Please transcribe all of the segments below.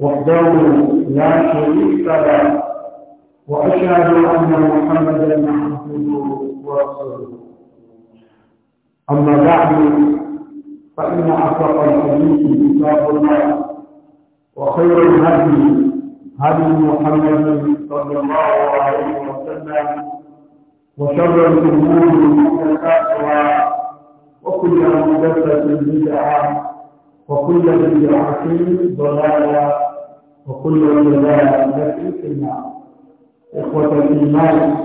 وحده لا شريك له واشهد ان محمدا عبده ورسوله اما بعد فان اصدق الحديث كتاب الله وخير الهدي هدي محمد صلى الله عليه وسلم وشر الامور محدثاتها وكل محدثه بدعه وكل بدعه ضلاله وكل ضلالة في النار إخوة الإيمان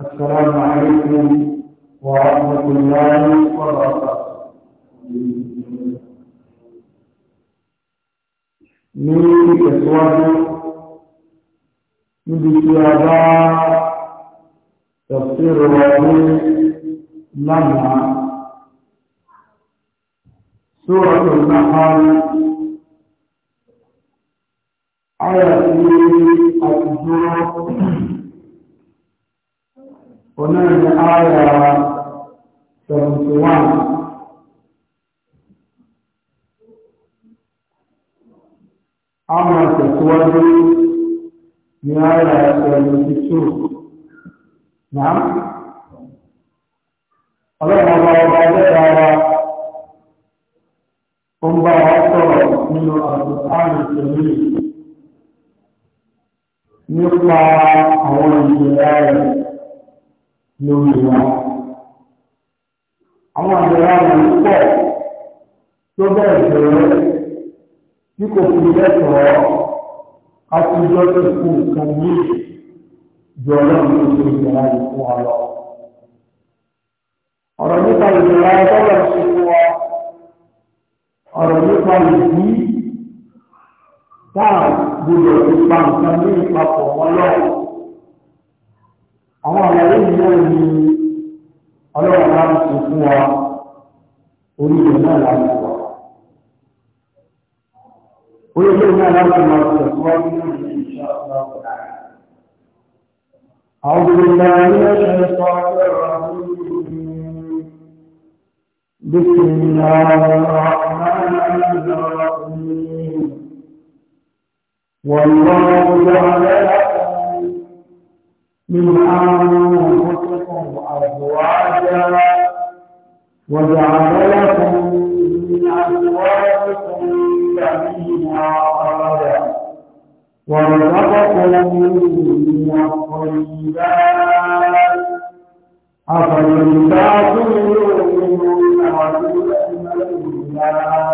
السلام عليكم ورحمة الله وبركاته من ìtẹ̀síwájú من tí تفسير bá tẹ̀síro سورة lánàá Ayà tí a ti dúró, ọ̀nà ni ayà 71. A máa tẹ̀síwájú ní ayà 72. Nàá, ọlọ́run ọba ọba ọlọ́run ara ó ń nínú àbùkù àrùn ìṣẹ̀lẹ̀ nípa àwọn ìṣẹ̀lá rẹ̀ lórí wa. Àwọn àjọ̀rá rẹ̀ púpọ̀ tó bẹ̀rẹ̀ bẹ̀rẹ̀ tí kò fi lẹ́tọ̀ọ́ àtijọ́ tó kú nǹkan ní ìjọ lọ́nà tó ṣe ìṣẹ̀lá wa lọ. Ọ̀rọ̀ nípa ìṣẹ̀lá tọ́lọ̀ sí wa, ọ̀rọ̀ nípa ìdí táà gbọdọ̀ ti pa nǹkan ní ìpapọ̀ wọn lọ́wọ́. Àwọn àlàyé mìíràn ni ọlọ́run máa ń sọ fún wa orí ilẹ̀ náà láti wà. Orí ilẹ̀ náà láti máa tẹ̀síwájú náà ní ìṣẹ́ ọlọ́run náà. أعوذ بالله من الشيطان الرجيم بسم الله الرحمن الرحيم والله جعل لكم من أنفسكم أزواجا وجعل لكم من أزواجكم بنين وأولاد ورزقكم من الطيبات أفمن تعقلون وتؤمنون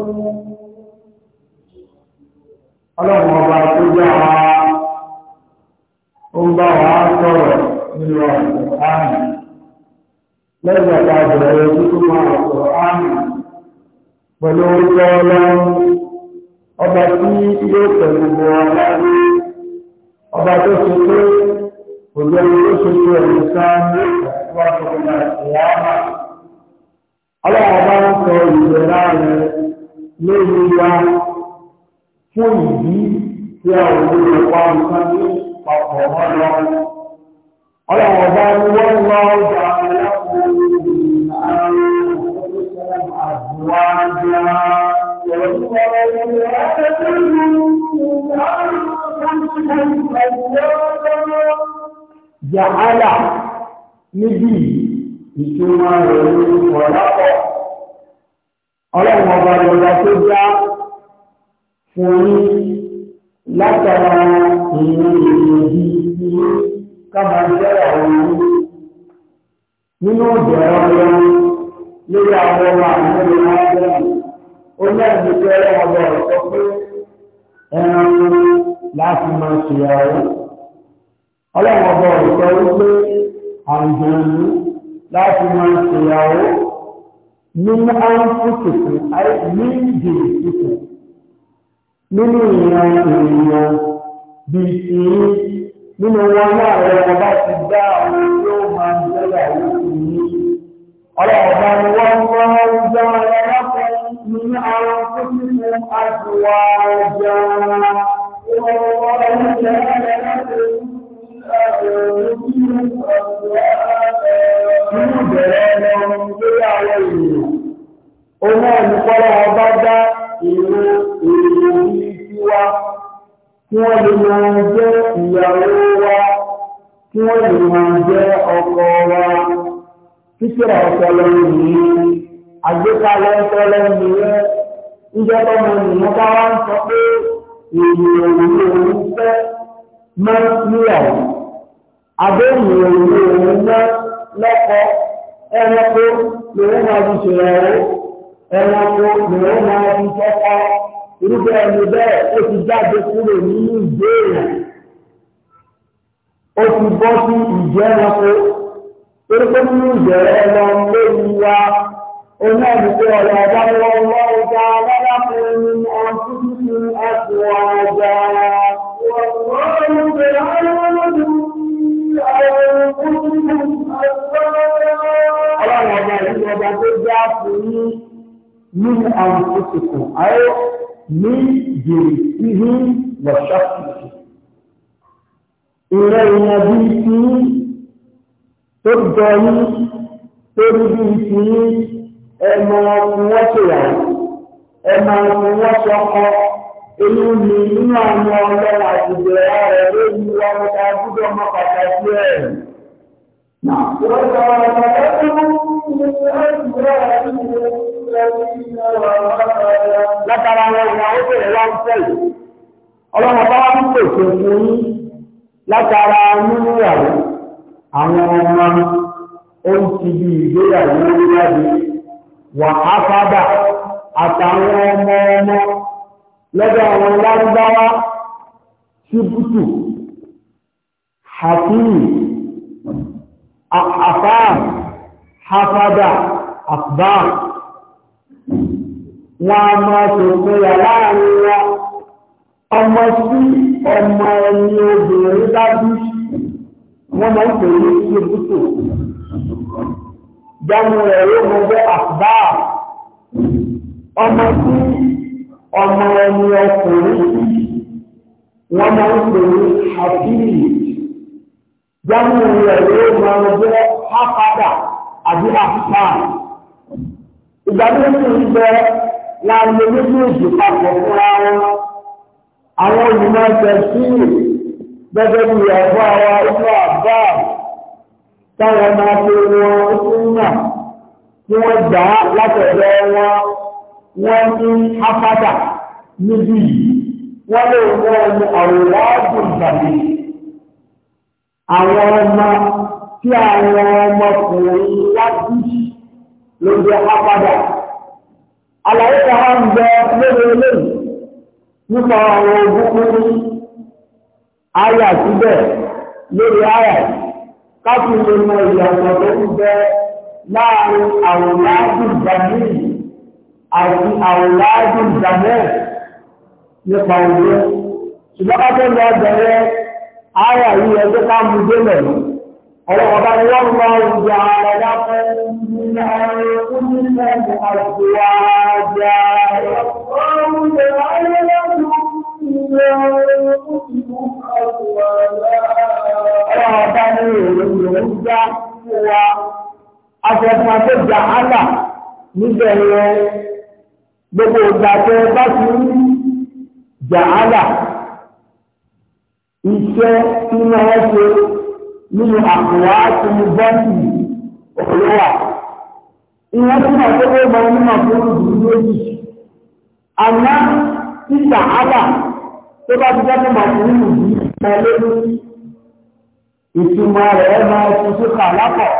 bẹ̀rẹ̀ títúmọ̀ àkùránì pẹ̀lú orúkọ ọlọ́run ọba tí yóò pẹ̀lú bọ̀ ọlọ́run ọba tó ṣe pé òjò ẹni tó ṣe pé ẹ̀mí sáà ní ìwà ìwà ìyáàmà ọlọ́run bá ń fún ìdí tí a ò lè pa nǹkan ní papọ̀ mọ́ lọ ọlọ́run bá ń Jàhálà níbi ìtumọ̀ rẹ̀ ní ọ̀lápọ̀. Ọlọ́run ọba ìrọ̀lá tó já fún ní látara ìrìn ìrìnàjí ní kábà jẹ́rà wọn nínú ìjọ̀rọ̀ lórí àwọn ọmọ àwọn ọmọ ó lẹ́yìn tí ọlọ́wọ́ bọ̀ sọ pé ẹran láti máa ṣèyàwó ọlọ́wọ́ bọ̀ sọ wípé àǹjẹ̀lú láti máa ṣèyàwó nínú áńfùsùkù ní ìdìrìsùkù nínú ìran ènìyàn bíi ti nínú wọn náà rẹ ọba ti dá àwọn tí máa ń tẹ́lẹ̀ àwọn ìlú ọlọ́ọ̀bá ni wọ́n ń wọ́n ń dá من أنفسكم أزواجا والله جعل لكم من أنفسكم أزواجا Òun àlùkọ́lá ọba dá ìrò èrò ní tiwa, kí wọ́n lè máa jẹ́ ìyàwó wa, kí wọ́n lè máa jẹ́ ọkọ wa, kíkìrà ọpọlọ yìí àgbékalẹ̀ ń tọ́lẹ̀ ń lè ìjọ tọmọ ènìyàn bá wá ń sọ pé èèyàn òwúrò òun fẹ́ mọ́ níyàwó àbẹ́yìn òwúrò òun mọ́ lọ́kọ ẹranko lòun máa fi ṣèrànwó ẹranko lòun máa fi tọ́kọ irúgbẹ́ ẹni bẹ́ẹ̀ ó ti jáde kúrò nínú ìbéèrè ó ti bọ́ sí ìjẹ́ranko torí pé nínú ìjẹ́rẹ́ lọ lórí wa. هناك ولد الله تعالى لكم من أنفسكم أزواجا والله جعل لكم أنفسكم أزواجا الله جعل لكم من أنفسكم أي من جنسهم وشخصهم إلى النبي تبدأ تبدأ ẹmọ ọkùn wọ́n ṣèyàwó ẹmọ ọkùn wọ́n ṣọkọ inú mi nínú àwọn ọlọ́run àtìgbè rẹ̀ lórí ọmọ ta gbúdọ̀ mọ pàtàkì ẹ̀. Wọ́n sọ ọ̀rọ̀ lọ́dún ní ọ̀gbìn Látara wọn ìwà ó bèrè wá ń fẹ́ yìí. Ọlọ́run bá ń pèsè fún yín látara níníyàwó àwọn ọmọ ó ti bí ìgbéyàwó lórí wà áfádà àtàwọn ọmọ ọmọ lọ́dọ̀ àwọn lárúbáwá ṣíbùtù hàfíì àfáà hafada àfbà wọn a máa ṣòkúnyà láàrin wa ọmọ sí ọmọ ẹni obìnrin dábí wọ́n máa ń pè ní ṣíbùtù jámù rẹ̀ yóò mú bẹ́ àfbá ọmọ tí ọmọ ẹni ọkùnrin wọ́n máa ń pè ní àfíì jámù rẹ̀ yóò máa ń bẹ́ àpàdà àbí àfbá ìgbà tó ń bẹ láàrin méjèèjì papọ̀ fúnra wọn àwọn olùmọ̀ ẹ̀sẹ̀ sí gẹ́gẹ́ bí ẹ̀fọ́ àwọn ìfọ̀ àbáà táwọn ọmọ ọmọ wọn súnmà tí wọ́n gbà á látọ̀dọ̀ wọn wọ́n ní afádà níbí yìí wọ́n lè wọ́n ọmọ àwòrán ìgbàlè àwọn ọmọ tí àwọn ọmọkùnrin láti ló jẹ́ afádà àlàyé kan á ń bẹ lórí eléyìí nípa àwọn ogún kúrú ayà síbẹ̀ lórí ayà yìí káfí lè mọ ìyàtọ̀ tó ń bẹ láàrin àwòláàdù ìgbàmí àti àwòláàdù ìgbàmẹ́ nípa òwe ṣùgbọ́n ká tó lọ bẹ̀rẹ̀ ara yìí ẹgbẹ́ ká mú délẹ̀ ọ̀rọ̀ ọba ni wọ́n lọ ìjà ọ̀dá fún fún ní Ọlọ́ọ̀bá ní èrò ń já fún wa. Afẹ́fún tó jà áńlá níbẹ̀ yẹ gbogbo ìgbàjẹ́ bá ti ń jà áńlá. Iṣẹ́ iná ẹ́ṣe nínú àkùnwá ti mú bọ́ọ̀tì òlúwà. Ìwọ́n tí wọ́n tó gbé ọmọ onímọ̀ tó bá ti dájú màjúrù yìí pọ̀ lórí ìtumọ̀ rẹ̀ ọmọ ẹ̀sùn tó kà lápọ̀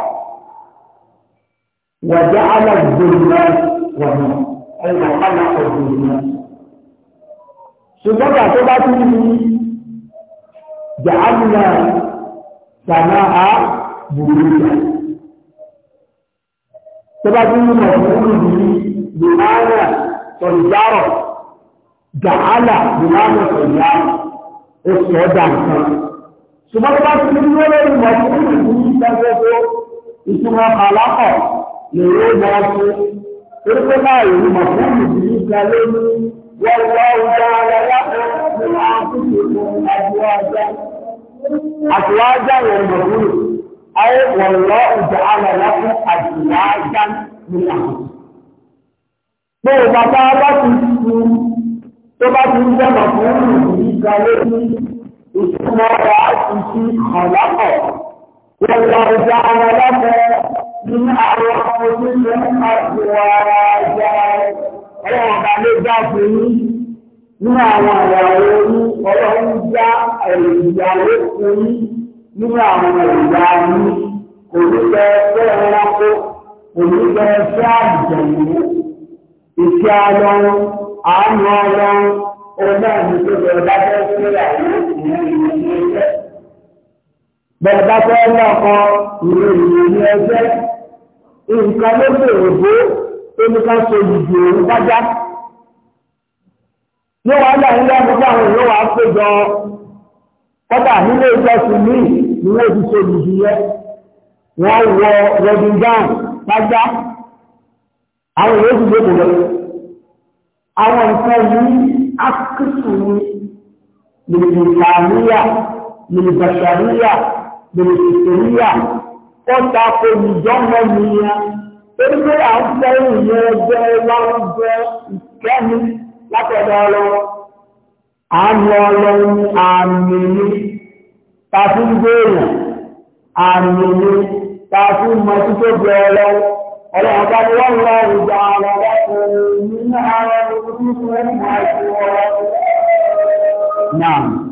wàjá aláìgbòrò wọ̀nà ẹ̀rọ aláìgbòrò ṣùgbọ́n tó bá ti ní jàánà sàmà á bùrù ìjà tó bá ti ní màjúrù yìí lè máa rẹ̀ sọ̀rọ̀ jàhálà ìlànà ìyá oṣù ọjà nǹkan. ṣùgbọ́n bá ti ní lórí ìmọ̀ tó ní ìlú ìdájọ́jọ́ ìtumọ̀ àlápọ̀ lèrè máa ṣe orúkọ láàyè ìmọ̀ tó ní ìlú ìdájọ́ ní wọ́n wá ọjà ara yàtọ̀ ní àkókò ìmọ̀ àjọwájá. àjọwájá yẹn mọ̀ ní ayé wọ̀n lọ ìjà ara yàtọ̀ àjọwájá ní àkókò. Bó o bàbá bá ti tu tó bá ti ń dẹ́nà fún ìlú ga lórí ìtumọ̀ ọ̀rọ̀ àti ti hàn lápọ̀. Wọ́n lọ ọjà ọmọ lọ́pọ̀ ní àwọn ọmọdé ló ń pàṣẹ ara ẹja ọ̀rọ̀ ọ̀gá ló já fún yín. Nínú àwọn ìyàwó yín, ọlọ́run já ìyàwó fún yín. Nínú àwọn ìyá yín, kò ní bẹ fẹ́ ẹranko, kò ní bẹ fẹ́ àjẹ̀mú, ìfẹ́ alọ́run àánú ọlọ́run ọlọ́run tó bẹ̀rẹ̀ bá fẹ́ sílẹ̀ bẹ̀rẹ̀ bá fẹ́ lọ́kọ ìwé ìwé ní ẹgbẹ́ nǹkan ló bèrè bó oníkan ṣe ìdì òun bájá ní wàá lọ nílé àbúkọ àwọn ìlú wàá péjọ kọ́tà nílé ìjọsìn míì ni wọ́n ti ṣe ìdì yẹn wọ́n wọ rẹ́díńgáùn bájá àwọn ìwé ìdìbò kò lọ àwọn nǹkan yìí ákùsù ni lèlìkàríyà lèlìbàṣàríyà lèlìkìtìríyà ó tako ìjọmọ nìyẹn torí pé à ń fẹ́ ìyẹn jẹ́ lọ́jọ́ ìkẹ́ni látọ̀dọ̀ ọlọ́wọ́ àánú ọlọ́run àmì ni ta ọlọ́run bá ní wọ́n lọ ìjà ọlọ́run nínú ara نعم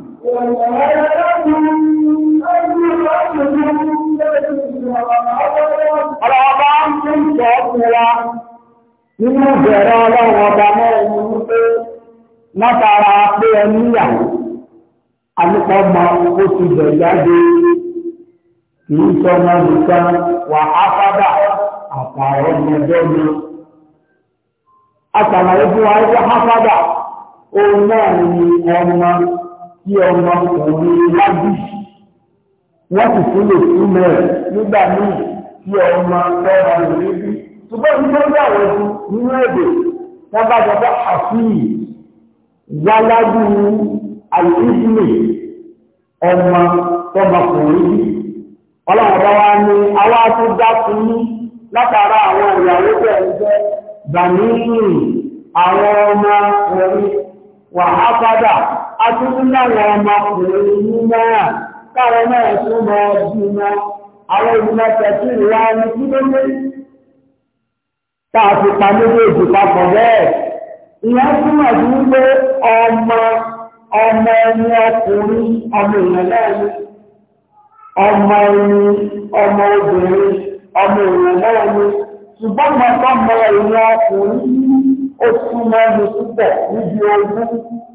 Ọlọ́ọ̀bá ń tún sọ fúnra nínú ìbẹ̀rẹ̀ ọlọ́run ọba mẹ́rin ní wípé látara pé ẹni ìyàwó, àlúkọ ọmọ ó ti bẹ̀ jáde kìí sọmọ nìkan wà á fádà àtàrọ ọmọdé ọmọ àtàlàyé fún wa ẹgbẹ́ hápádà òun náà ni ọmọ tí ọmọ òun lájú wọ́n sì lè túnmọ̀ nígbà míì tí ọmọ ọmọ rẹ̀ bí ṣùgbọ́n ní tó gbà wọ́n nínú èdè àfihì ọmọ tọmọkùnrin bí ní fún látara àwọn bàmíìrì àwọn ọmọ orí wà á padà a tún tún láwọn ọmọ orí ní náà káwọn náà tún mọ bí mọ àwọn ìgbìmọ̀ tẹ̀síìrì wa ní kí ló dé táà fi pa méjèèjì papọ̀ bẹ́ẹ̀ ìyẹn túmọ̀ sí wípé ọmọ ọmọ ẹni ọkùnrin ọmọ èèyàn lẹ́yìn ọmọ ẹni ọmọ obìnrin ọmọ èèyàn lẹ́yìn ṣùgbọ́n mọ̀tọ́ mọ ìwọ̀n ọkùnrin ó tún mọ́ ní púpọ̀ níbi ogún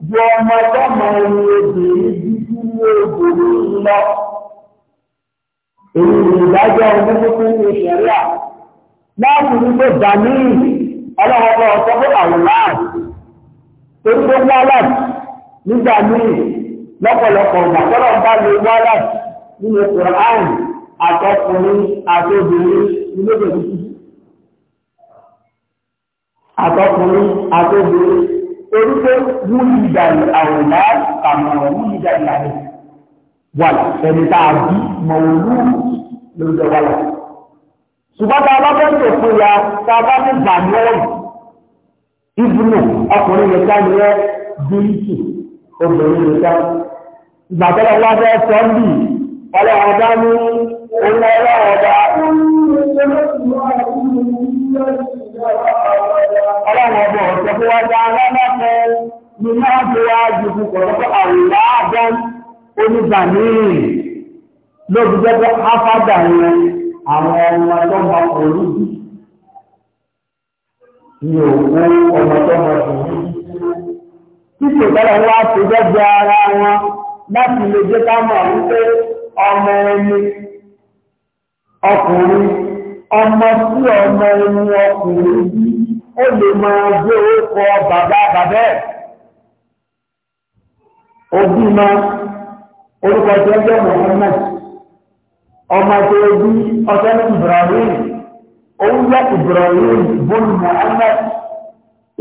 ju ọmọ tó mọ ẹni obìnrin dídí ní obìnrin lọ. Èyí ìdájọ́ ogún tuntun ní ìṣẹ̀ríà. Láti rí pé Dàmíì ọlọ́wọ́pọ̀ ọ̀sọ́ pé àwòrán torí pé wálàt nígbà míì lọ́pọ̀lọpọ̀ ọ̀gbà tọ́lọ̀ bá lè wálàt nínú Kùránì àtọkùnrin àtobìnrin ní méjèèjì àtọkùnrin àtọbìnrin orúkọ wúni ìdàrí àwòrán àmọ̀ràn wúni ìdàrí àrẹ wà ẹni tá a bí mọ̀wòlú ló jẹ wà lọ. ṣùgbọ́n tá a bá fẹ́ tó fún ya tá a bá fẹ́ gbà ní ọ̀rọ̀ ìbùnú ọkùnrin lè ká obìnrin lè ká. ìgbà tó ní ọlọ́run bá. Ọlọ́run ọgbọ̀n ọ̀sẹ̀ fún wa dá alábàtẹ́ ni máa fi wá jùkú pọ̀lọ́pọ̀ àwòrán àdán onígbàmíì lóbi jẹ́jẹ́ áfádà yẹn àwọn ọmọ tó ma pọ̀lú jù. Ní òkú ọmọ tó ma pọ̀lú jù. Títí ìtọ́lọ̀ wá fi jẹ́jẹ́ ara wọn láti lè jẹ́ ká mọ̀ wípé ọmọ ẹni ọkùnrin ọmọ sí ọmọ ohun ọkùnrin bí ó lè máa gbé orúkọ bàbá bàbá ẹ̀ òbí ma orúkọ tí ó jẹ́ Muhammad ọmọ tí ó bí ọjọ́ ní Ibrahim òun jẹ́ Ibrahim bọ́ọ̀lù Muhammad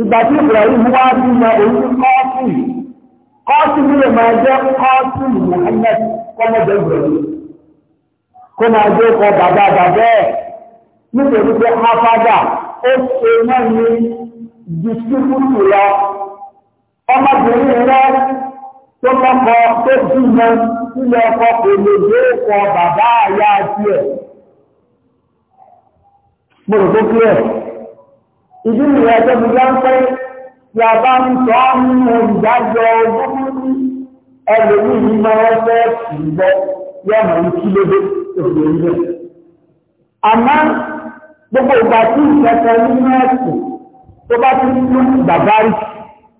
ìgbà tí Ibrahim wá sí ma òun kọ́ọ̀tù kọ́ọ̀tù lè máa jẹ́ kọ́ọ̀tù Muhammad kọ́mọ̀jẹ́ Ibrahim kó máa gbé orúkọ bàbá bàbá ẹ̀ nítorí pé afádà ó ṣe náà ní dìsíkútù lọ ọmọbìnrin rẹ tó kọ́kọ́ tó bímọ sílẹ̀ ọkọ kò lè dé ọkọ bàbá àyà àti ẹ̀ mo rò tó kí ẹ̀ ìdí nìyẹn tó fi já tí a bá ń sọ nínú ìdájọ́ ogúnmọ́ni ẹlòmíì máa ń fẹ́ ṣùgbọ́n yọ̀mọ̀ ń kí lóde òdòdó àmọ́ gbogbo ìgbà tí ìfẹ́fẹ́ nínú ẹ̀sùn tó bá ti ní bàbárí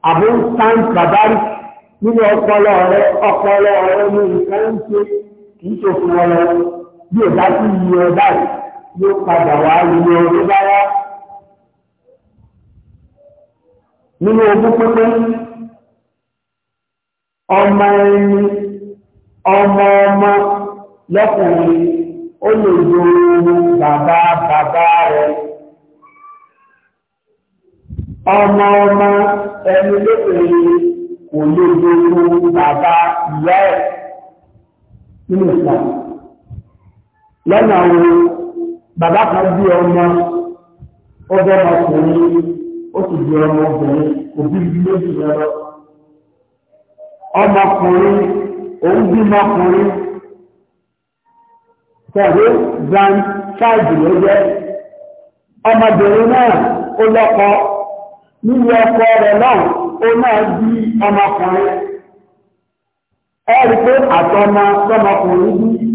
àbí ń sáń bàbárí nínú ọpọlọ rẹ ọpọlọ rẹ ní nǹkan ń ṣe kì í ṣòfin ọlọ bí ò bá sí iye ọba yìí ló padà wá iye ọdún báyá nínú ogún pínpín ọmọ ẹni ọmọ ọmọ lọkùnrin ó lè lo bàbá bàbá rẹ̀ ọmọ ọmọ ẹni lóbìnrin kò lè lo bàbá ìyá ẹ̀ nínú ìsìn lọ́nà àwọn bàbá kan bí ọmọ ó bẹ́ ọkùnrin ó sì di ọmọ obìnrin òbí méjì lọ́rọ̀ ọmọkùnrin òun bímọkùnrin pẹ̀lú grand child ló jẹ́ ọmọbìnrin náà ó lọ́kọ nínú ọkọ rẹ̀ náà ó náà di ọmọkùnrin ẹ rí pé àtọmọ tọmọkùnrin bí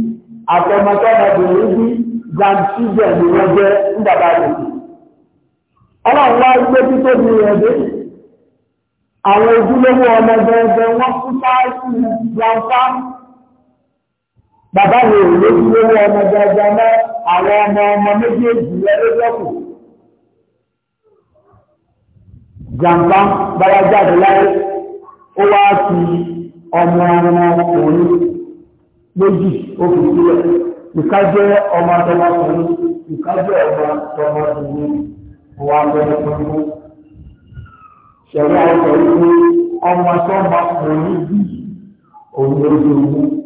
àtọmọ tọmọbìnrin bí grand children ni wọ́n jẹ́ ń bàbá rẹ̀ ọlọ́run wá gbé bàbá mi ò lójú lówó ọmọ dáadáa mọ́ àwọn ọmọ ọmọ méjèèjì lẹ́lẹ́dọ́kù jàǹbá bára jáde láyé ó wá fi ọmọ ọmọ òní méjì ó fi sílẹ̀ ìka jẹ́ ọmọ ọmọkùnrin ìka jẹ́ ọmọ ọmọkùnrin ọwọ́ abẹ́rẹ́ tuntun ṣẹ̀rí àwọn ọmọ ọmọ ọmọkùnrin bí òun ló ogun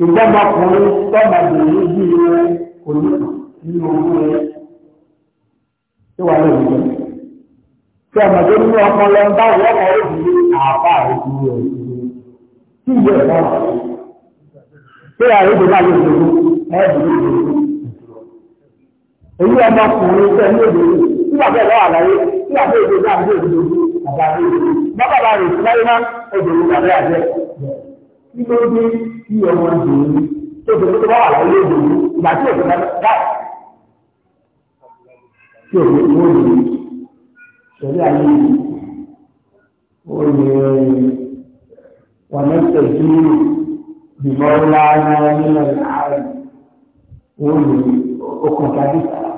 ṣùgbọ́n ọmọkùnrin tọ́mọdéyìn yìí rẹ kò ní nínú owó rẹ tí wàá lè wúlò tí ọmọdé nínú ọmọ lọ ń bá ìyọ́kọ̀ rẹ̀ yìí àbá rẹ̀ ti rẹ̀ kí ìyẹ́ ẹ̀ka wà tí ààrẹ ìdè máa lè wúlò ẹ̀ẹ́dì lè wúlò èyí ọmọkùnrin tẹ̀ ní èdè yìí tí wàá bẹ̀rẹ̀ àlàyé tí wàá bẹ̀rẹ̀ èdè náà èdè yìí àbá rẹ̀ bàbá rẹ̀ ti láyé má èdè yìí tí ọmọ ìdòwú tó fi tó bá wà láyé ìdòwú ìgbà tí òkúta dáì tí òkúta tó wọ́n ìdòwú sọ̀rọ̀ ayé ìdòwú ó ní wọn ní tẹ̀sí ìmọ̀ ńlá náà nínú ààrẹ ó ní okùn tàbí sára.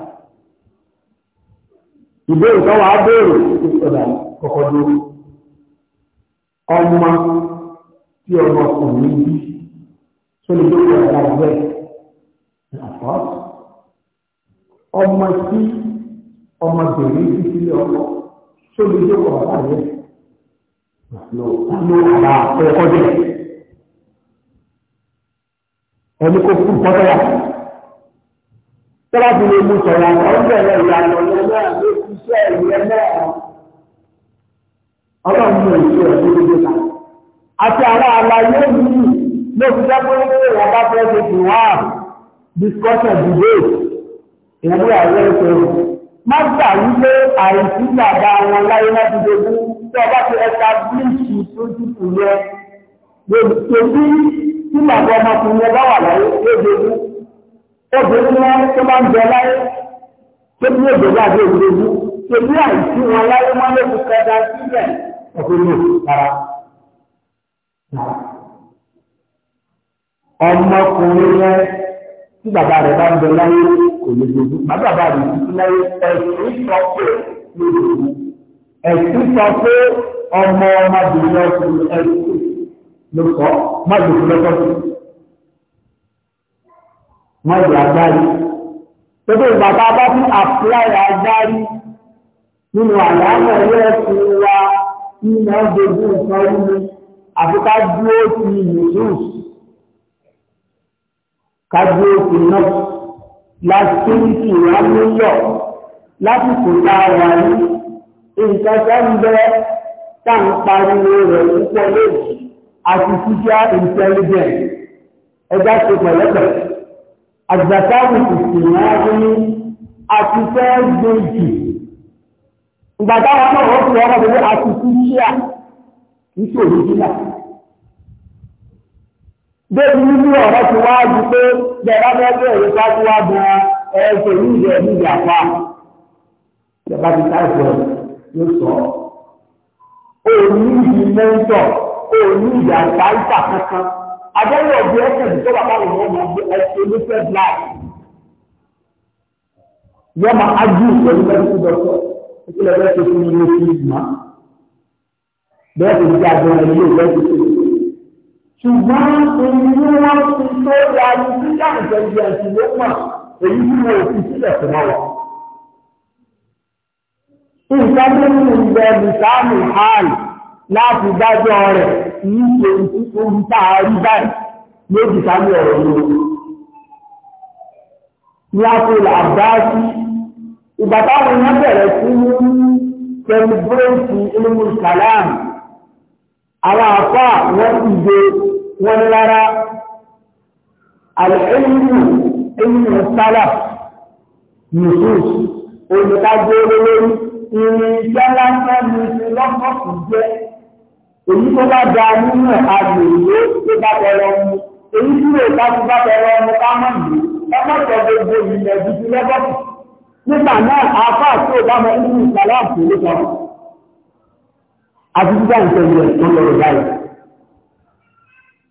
ìbéèrè kan wàá béèrè ìsọdà kọkọdún ọmọ tí ọmọkùnrin bíi sórí tó kọ ọ̀la ìwé àpọ̀ ọmọ tí ọmọbìnrin ti sílé ọkọ sórí tó kọ ọ̀la ìwé ló ló àbá ẹ̀kọ́ jẹ ẹni kó fún bọ́tọ̀ yà tọ́lá ti lè mú sọ̀rọ̀ àwọn ọ̀gbẹ́ rẹ̀ ìyàtọ̀ yẹn náà ló fi iṣẹ́ ìyẹn náà ọlọ́run ní ìṣe ẹ̀ ló dé dé ta àti àwọn àlàyé yìí ló fi dápé pé wọ́n bá fẹ́ ṣe fi wá discussion debate ìwé àwọn ẹ̀ṣẹ̀ má gbà wípé àìsí bàbá wọn láyé láti dogun tí ọba ti establish lójú kù yẹ lòdì tí bàbá ọmọkùnrin yẹn bá wà láyé lójoojúmọ́ obìnrin wọn tó bá ń bẹ láyé tó bí òdòdó àti òdòdó tó bí àìsí wọn láyé wọn ló fi kọjá sílẹ̀ ọ̀pọ̀ ìlú rárá ọmọkùnrin yẹn tí bàbá rẹ̀ bá ń bẹ láyé kò lè gbogbo bàbá bàbá rẹ̀ ti láyé ẹ̀sìn sọ pé lè gbogbo ẹ̀sìn sọ pé ọmọ ọmọbìnrin ọkùnrin ẹ̀sìn ló sọ má gbogbo lọ́tọ́ sí má gbogbo agbárí gbogbo bàbá bá fi àpúláyà agbárí nínú àlàáfẹ́ ẹ̀rọ ẹ̀sìn wa nínú ọgbẹ̀gbẹ̀ nǹkan ọdún àfikà dúró ti yìí kájú òkú náà láti kí wá níyọ̀ lásìkò tá a wà ní nǹkan tó ń bẹ tá ń pariwo rẹ̀ púpọ̀ lónìí artificial intelligence ẹja ṣe pẹ̀lẹ́pẹ̀ àgbàtàwì ìsìnláàrí àti fẹ́ gbèjì ìgbàtàwà náà wọ́n fi ọmọ bẹ̀rẹ̀ artificial nítorí jìnnà débi nínú ọ̀rọ̀ ti wá ju pé bẹ̀rẹ̀ abẹ́gbẹ́ òwe pàtó wá gan ẹ̀ẹ́sẹ̀ níjọ níjọ àpá ìjọba ti táìpọ̀ ló sọ òní ìdí mẹ́ńtọ̀ o ìdí àgbà ìta kankan abẹ́rẹ́ ọ̀bí ẹ̀sẹ̀ tó wà báwọn ọmọ ọmọ ọmọ ẹ̀sẹ̀ ló fẹ́ bla yọmọ ajú pẹ̀lú mẹ́tò dọ́tọ̀ ìpínlẹ̀ bẹ́ẹ̀ tó fún mi ló fi ìgbìmọ̀ bẹ́ẹ̀ tó ti dá àgbọ̀n ẹ̀ ṣùgbọ́n ohun tí wọ́n ti tó ya ní sílẹ̀ ìjọba ẹ̀sìn ló mọ̀ èyí tí wọ́n fi sílẹ̀ fún wọn. nǹkan tó ń lò ìgbẹ́ nìsáàmù hàn láti dájọ́ rẹ̀ kì í ṣe ohun tá a rí báyìí lójú sáàmù ọ̀rọ̀ yìí. ní àpòlò àbáṣí ìgbà táwọn èèyàn bẹ̀rẹ̀ sí ní sẹlẹbúrẹ́ǹtì ilé mùsàlámù àwọn àfá wọ́n ti gbé wọ́n lára alẹ́yìnbù ẹ̀yìn sálà nùsùs olùdájọ́ olórí irin iṣẹ́ lásán ní ti lọ́pọ̀sì jẹ́ èyí tó bá da nínú agbègbè tó bá tẹ̀lé ọmọ èyí tí yóò bá bá tẹ̀lé ọmọ ká mọ̀ yìí ọmọọ̀tọ̀ gbogbo ìlẹ̀ dúdú lọ́pọ̀sì nígbà àti títà ìṣẹ̀lẹ̀ tó lọ́rọ̀ báyìí.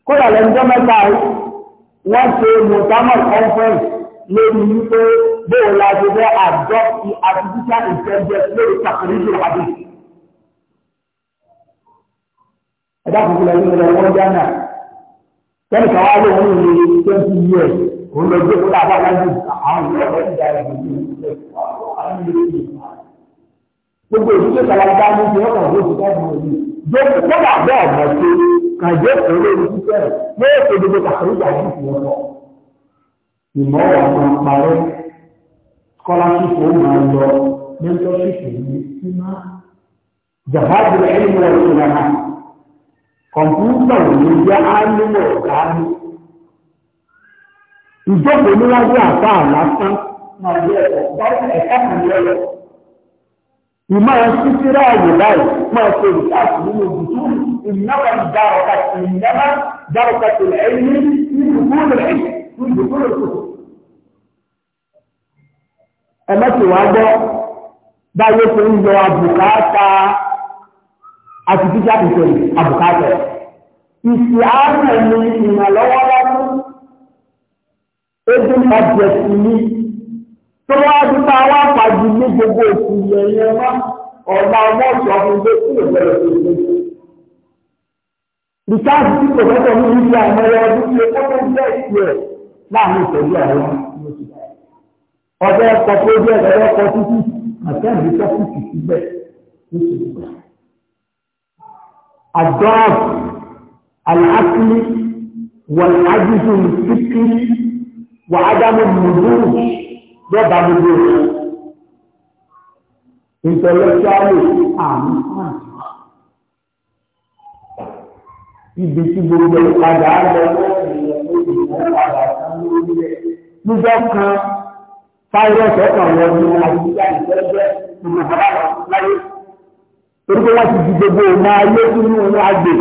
kódà lẹ́nu tó mẹ́ta wọ́n ṣe mọ̀tàmọ̀ conference lórí wípé bóò la ṣe fẹ́ àjọ ti àti títà ìṣẹ̀lẹ̀ lórí kàkàríṣò àdé. ẹ̀dá kòkòrò ẹ̀yìn rẹ̀ wọ́n já náà tẹ́lẹ̀ kan wá lóun ní twenty years òun lọ gbé kódà bá wájú àwọn ìlú ọ̀rọ̀ ìjà rẹ̀ gbogbo ìdílé kàlàgbà ní ìdílé ọkàn ló ti dáàbò wọn yìí jẹ́kí kọ́dà bẹ́ẹ̀ mọ̀ sí kàjé òwe ìdílé rẹ̀ yóò ṣe gbogbo kàkàrúgbà ní ìfìwọ́n lọ. ìmọ̀ wà máa parẹ́ kọ́láṣípò máa lọ mẹ́tọ́ṣípò yìí sí máa jàbáàbù ẹ̀yìn wọ̀ ìlànà kọ̀m̀pútà òní jẹ́ ánúwọ̀ dání. ìjókòó níwájú àbá àlásán máa yẹ ẹ̀ka ìmọ̀ títí ráàyè báyìí máa ṣe ìṣáàtì nínú ìbùkún ìnáwó dárọ̀kà ìnáwó dárọ̀kà tìlẹ̀ ẹ̀yìn ní ìbùkún rẹ̀ ní ìbùkún rẹ̀ kò. ẹ̀mẹ́tì wá gbọ́ báyé tó ń yọ àbùkátà àtìtíjà tuntun àbùkátà ìsì àárẹ̀ ni ìrànlọ́wọ́ lọ́wọ́ ó dún ọjọ́ sí ní tó wá bí ní gbogbo òkú yẹn wá ọ̀la mọ́ọ̀sì ọ̀hún ló kú ìbẹ̀rẹ̀ tó lé. Rìsáàsì tí kò fẹ́tọ̀ ní ìlú àwọn ọdún tí ó tó jẹ́ ìlú ẹ̀ láàrin àwọn ẹ̀kọ́ tó jẹ́ ẹ̀rọ títí àti ẹ̀rí lọ́ba gbogbo rẹ̀ ìtọ́lẹ́tíálì àmì àti ibi tí gbogbo ìpadà lọ níjọ́ kan fáírọ́ọ̀sì ọkàn wọn ni àyíká ìtẹ́jẹ́ ìmọ̀lára láyé torí pé wọ́n ti di gbogbo ọmọ ayé nínú ọmọ àgbè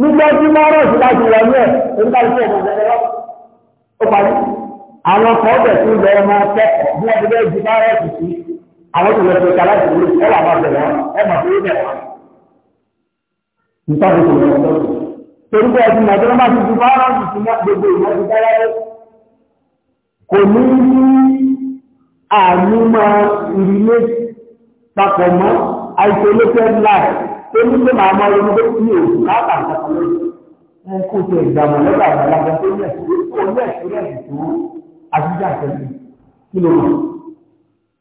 níjọ́ tí mọ́rọ̀ọ̀sì láti wọlé ẹ̀ nígbà tí ọmọ ìjọba ó parí àwọn ọkọ̀ ọbẹ̀ tó lọ ọmọ akẹ́kọ̀ọ́ bí wọ́n ti bẹ́ẹ̀ di bára ẹ̀sìn sí àwọn tó lọ sí ọjà láti wọlé ẹ wà máa bẹ̀rẹ̀ ẹ mà tó yẹ wá. nípa gbogbo ìwọ̀n tó torí pé ẹ̀sìn náà tó lọ́ máa ti di bára ẹ̀sìn sí gbogbo ìwọ̀n ti bára ẹ̀ kò ní ní àánú máa ìrìlé papọ̀ mọ́ isolated life tó ní pé máa ronú lórí ẹ àtijọ́ àtẹ̀lé kí ló mọ̀.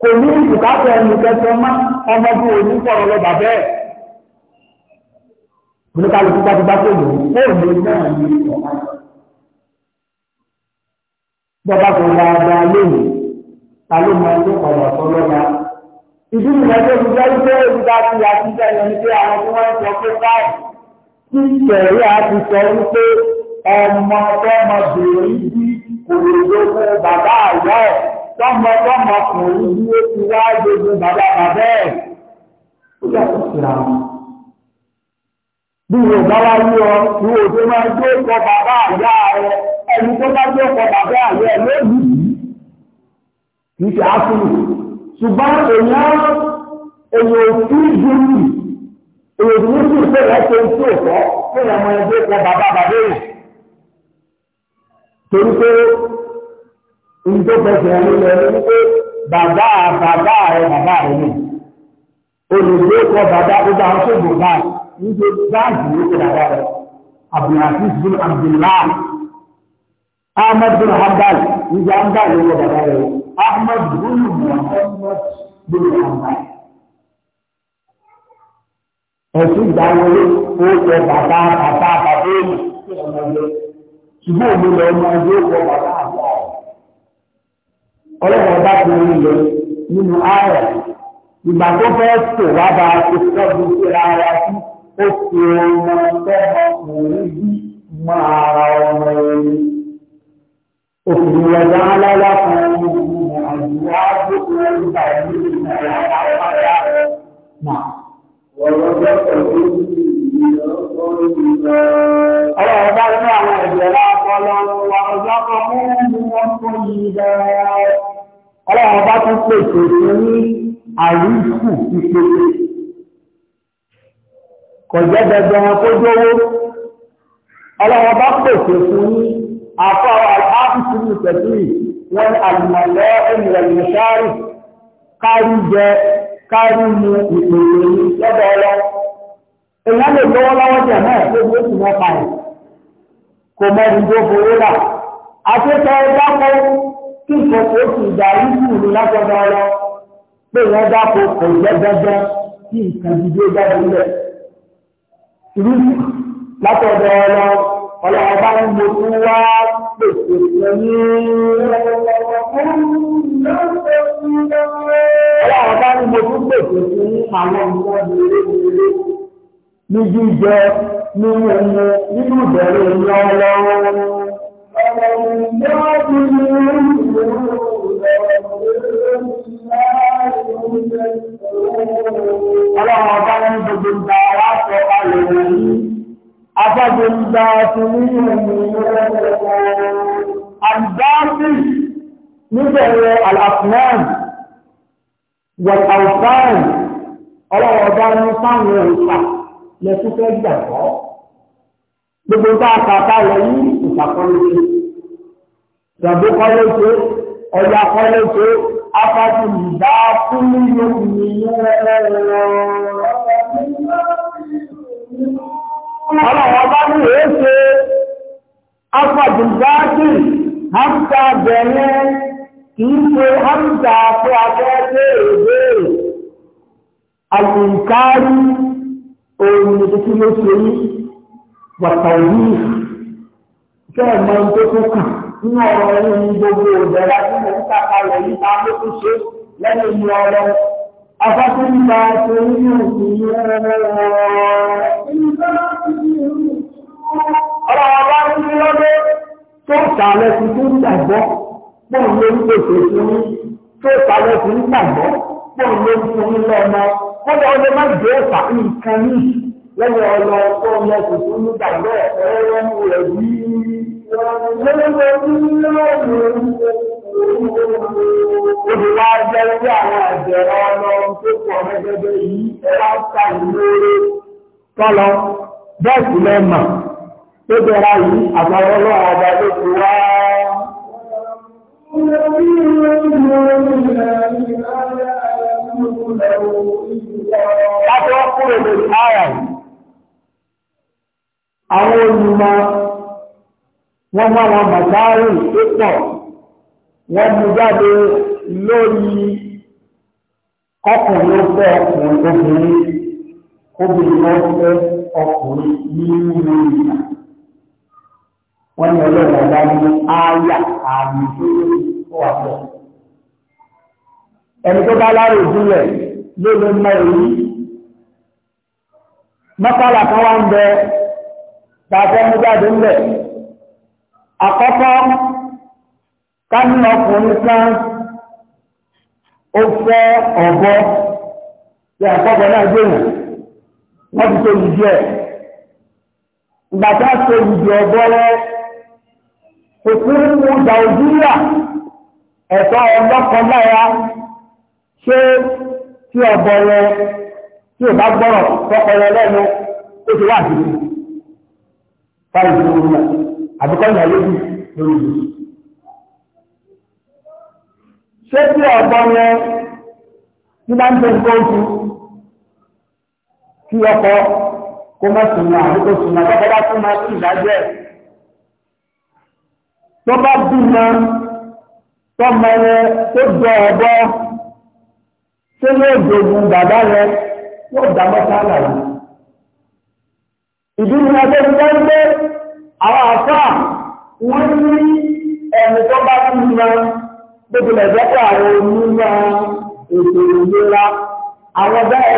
kò ní ìbùkátà ẹnu kẹsàn án má ọmọ bí òní sọ̀rọ̀ lọ bàbá ẹ̀. oníkàlùkù gbajúgbà tó lò ó lè náà ní ọ̀pá. bọ́bá kan dáadáa lónìí ta ló máa tó ọ̀rọ̀ sọ́lọ́lá. ìdí nìyẹn tó fi jẹ́ wípé olùdá ti àtijọ́ ẹ̀yọ́ ní pé àwọn tí wọ́n ń sọ pé báyìí tí ìṣẹ̀rí àti sọ wípé ọmọ tó ọmọbìnrin bí òwòrò fún bàbá àyà ẹ̀ tọ́mọ tọ́mọ kùnrin bí ó ti wá gbogbo bàbá bàbá ẹ̀ ó yàtọ̀ síra wọn. bí ìwé ìbára yí ọ ní òde máa gbé ọkọ bàbá àyà rẹ ẹni tó bá gbé ọkọ bàbá àyà ẹ lónìí kì í ṣe àfihàn ṣùgbọ́n èèyàn èèyàn ò tí ì dúró èèyàn ò tí ì pè lọ́sọ̀ọ́sọ̀ ọ̀tọ̀ ọmọ ẹgbẹ́ ọkọ bàbá bàbá rẹ̀ torí pé ń tó fẹsẹ̀ nílẹ̀ ní pé bàbá bàbá rẹ bàbá rẹ nù olùgbé kọ bàbá tó bá ń ṣògùn báyìí níbi báàgì ló ti bàbá rẹ abdulhafiz bin abdullah ahmed bin hanbal níbi hanbal ló kọ bàbá rẹ ahmed bin muhammad bin hanbal ẹ̀sùn ìdáwọlé ó kọ bàbá bàbá bàbá ènìyàn ṣùgbọ́n òun lọ ọmọ ẹgbẹ́ ọkọ̀ bàbá àwọn ọlọ́wọ́ bá ti rí lọ nínú ààrẹ ìgbà tó fẹ́ tò wá bá a ti tọ́jú sí ara sí ó fi ọmọ tọ́mọ òun bí mọ ara ọmọ ẹni òfin ìwọ̀dà alára kan ní ìlú àdúrà gbogbo ìgbà ní ìlú àpáyà náà. Ọlọ́run bá ní àwọn ẹ̀jẹ̀ náà ọpọlọ ọlọ́run bá tún pèsè fún ní àríkù ìpèsè kò jẹ́ dandan wọn tó dówó ọlọ́run bá pèsè fún ní àfọ́ àbùsùn ìpẹ̀tù wọn àlùmọ̀lẹ́ ènìyàn ìṣáàrì kárí jẹ kárí mu ìpèsè ní lọ́dọ̀ ọlọ́run èèyàn lè lọ́wọ́lọ́wọ́ jẹ̀ náà lóbi ó sì mọ́ pa ẹ̀ kò mẹ́ni tó fowó rà àtẹ́tẹ́ dáko kí nǹkan ti sì dà irú ìlú látọ̀dọ̀ lọ pé ìyẹn dáko kò jẹ́ dandan kí nǹkan dídé jáde lẹ̀ irú látọ̀dọ̀ lọ ọlọ́wọ́ bá ń mo tún wá pèsè fún ní ọlọ́wọ́ bá ń mo tún pèsè fún àwọn ìwọ́n ìrètí ní jíjẹ ní ẹnu nínú ìbẹ̀rẹ̀ lọ́wọ́lọ́wọ́. Ọlọ́run ọba ní gbogbo ìgbà aláṣọ àlèwò yìí, afẹ́gbẹ̀ ìgbà ti nínú ìrìnlẹ̀ Àdáàbì níbẹ̀rẹ̀ àlàfíàn, wọ̀tàwọ̀tàwọ̀, ọlọ́run ọba ní sáwọn òṣà lẹ́kún fẹ́ gbàgbọ́ gbogbo tá a kà ká lọ yí ìṣàkọ́lẹ́sẹ̀ ìjàmbó kọ́lẹ́sẹ̀ ọ̀yà kọ́lẹ́sẹ̀ afájú ìdá fún yóò ní yẹ́rẹ́rẹ́. Ọlọ́run ọba ní èé ṣe afájú ìdáàkì hamsa bẹ̀rẹ̀ kì í ṣe hamsa fún akẹ́kẹ́ èdè àlùkárí ohun ni kí ló ṣe yí wàtàwí bẹ́ẹ̀ mọ ohun tó tún kàn nínú ọ̀rọ̀ ẹni ní gbogbo ìbẹ̀rẹ̀ tí mo ń kà kalẹ̀ yìí ta ló tún ṣe lẹ́nu ìlú ọ̀rọ̀ afẹ́fẹ́ nípa ṣe nínú òkú ní ọ̀rọ̀ ọba ń fi lọ́dẹ́ tó sàlẹ̀ sí tó ń gbàgbọ́ pọ̀ ló ń pèsè fún tó sàlẹ̀ sí ń gbàgbọ́ pọ̀ kọ́dọ̀ ọdẹ má gbé ọ̀fà nǹkan ní lẹ́yìn ọlọ ọkọ ọmọ tuntun nígbà bẹ́ẹ̀ ẹ̀rọ mú rẹ̀ bí Odò wa jẹ́ sí àwọn àjẹ̀rọ ọlọ́run tó pọ̀ mẹ́gẹ́gẹ́ yìí ẹ̀rọ ta ìlóore tọ́lọ bẹ́ẹ̀ sì lẹ́mà tó jẹra yìí àtàwọn ọlọ́run ọba ló ti wá. Kájọ́ kúrò lórí ara yìí. Àwọn olùmọ̀ wọ́n máa wọn bàtàrí púpọ̀ wọ́n mú jáde lórí ọkùnrin ó fẹ́ ọkùnrin obìnrin obìnrin ó fẹ́ ọkùnrin nínú ìgbà. Wọ́n ní ọlọ́run ọ̀dá ní ááyà àmì tó wà pọ̀ ẹni tó bá lára ìjìnlẹ̀ ló lè mọ èyí mọ́kànlá kan wá ń bẹ tàbí ẹni jáde ń bẹ àkọ́kọ́ kánú ọkùnrin kan ó fẹ́ ọ̀bọ tí àkọ́kọ́ náà gbèrò wọ́n ti tó ìdí ẹ̀ ìgbà tí wọ́n tó ìdí ọ̀bọ rẹ̀ kò sí ń òjúlà ẹ̀tọ́ ọlọ́kọ̀ọ́ lára ṣé tí ọbọ rẹ tí ò bá gbọ́rọ̀ tọpọlọ lẹ́nu ó ti wá àdúgbò fáìlì tó wúlò àbíkọ́ ìyá lójú lórí ìlú. ṣé tí ọbọ rẹ tí bá ń tẹ nǹkan oṣù kí ọkọ kó má sùn náà àbíkó sùn náà tọkọ bá tún máa tún ìdájọ́ ẹ̀ tó bá bí mọ tọmọ rẹ tó jọ ọbọ ṣé yóò dogun bàbá rẹ yóò dá mọ́tà àlàyé. ìdí ni a fẹ́ẹ́ gbọ́ pé àwọn àfa wọ́n ní ẹ̀mí tó bá kú lọ gbogbo ẹ̀jẹ̀ pé àwọn onímọ̀ ètò ìlera àwọn bẹ́ẹ̀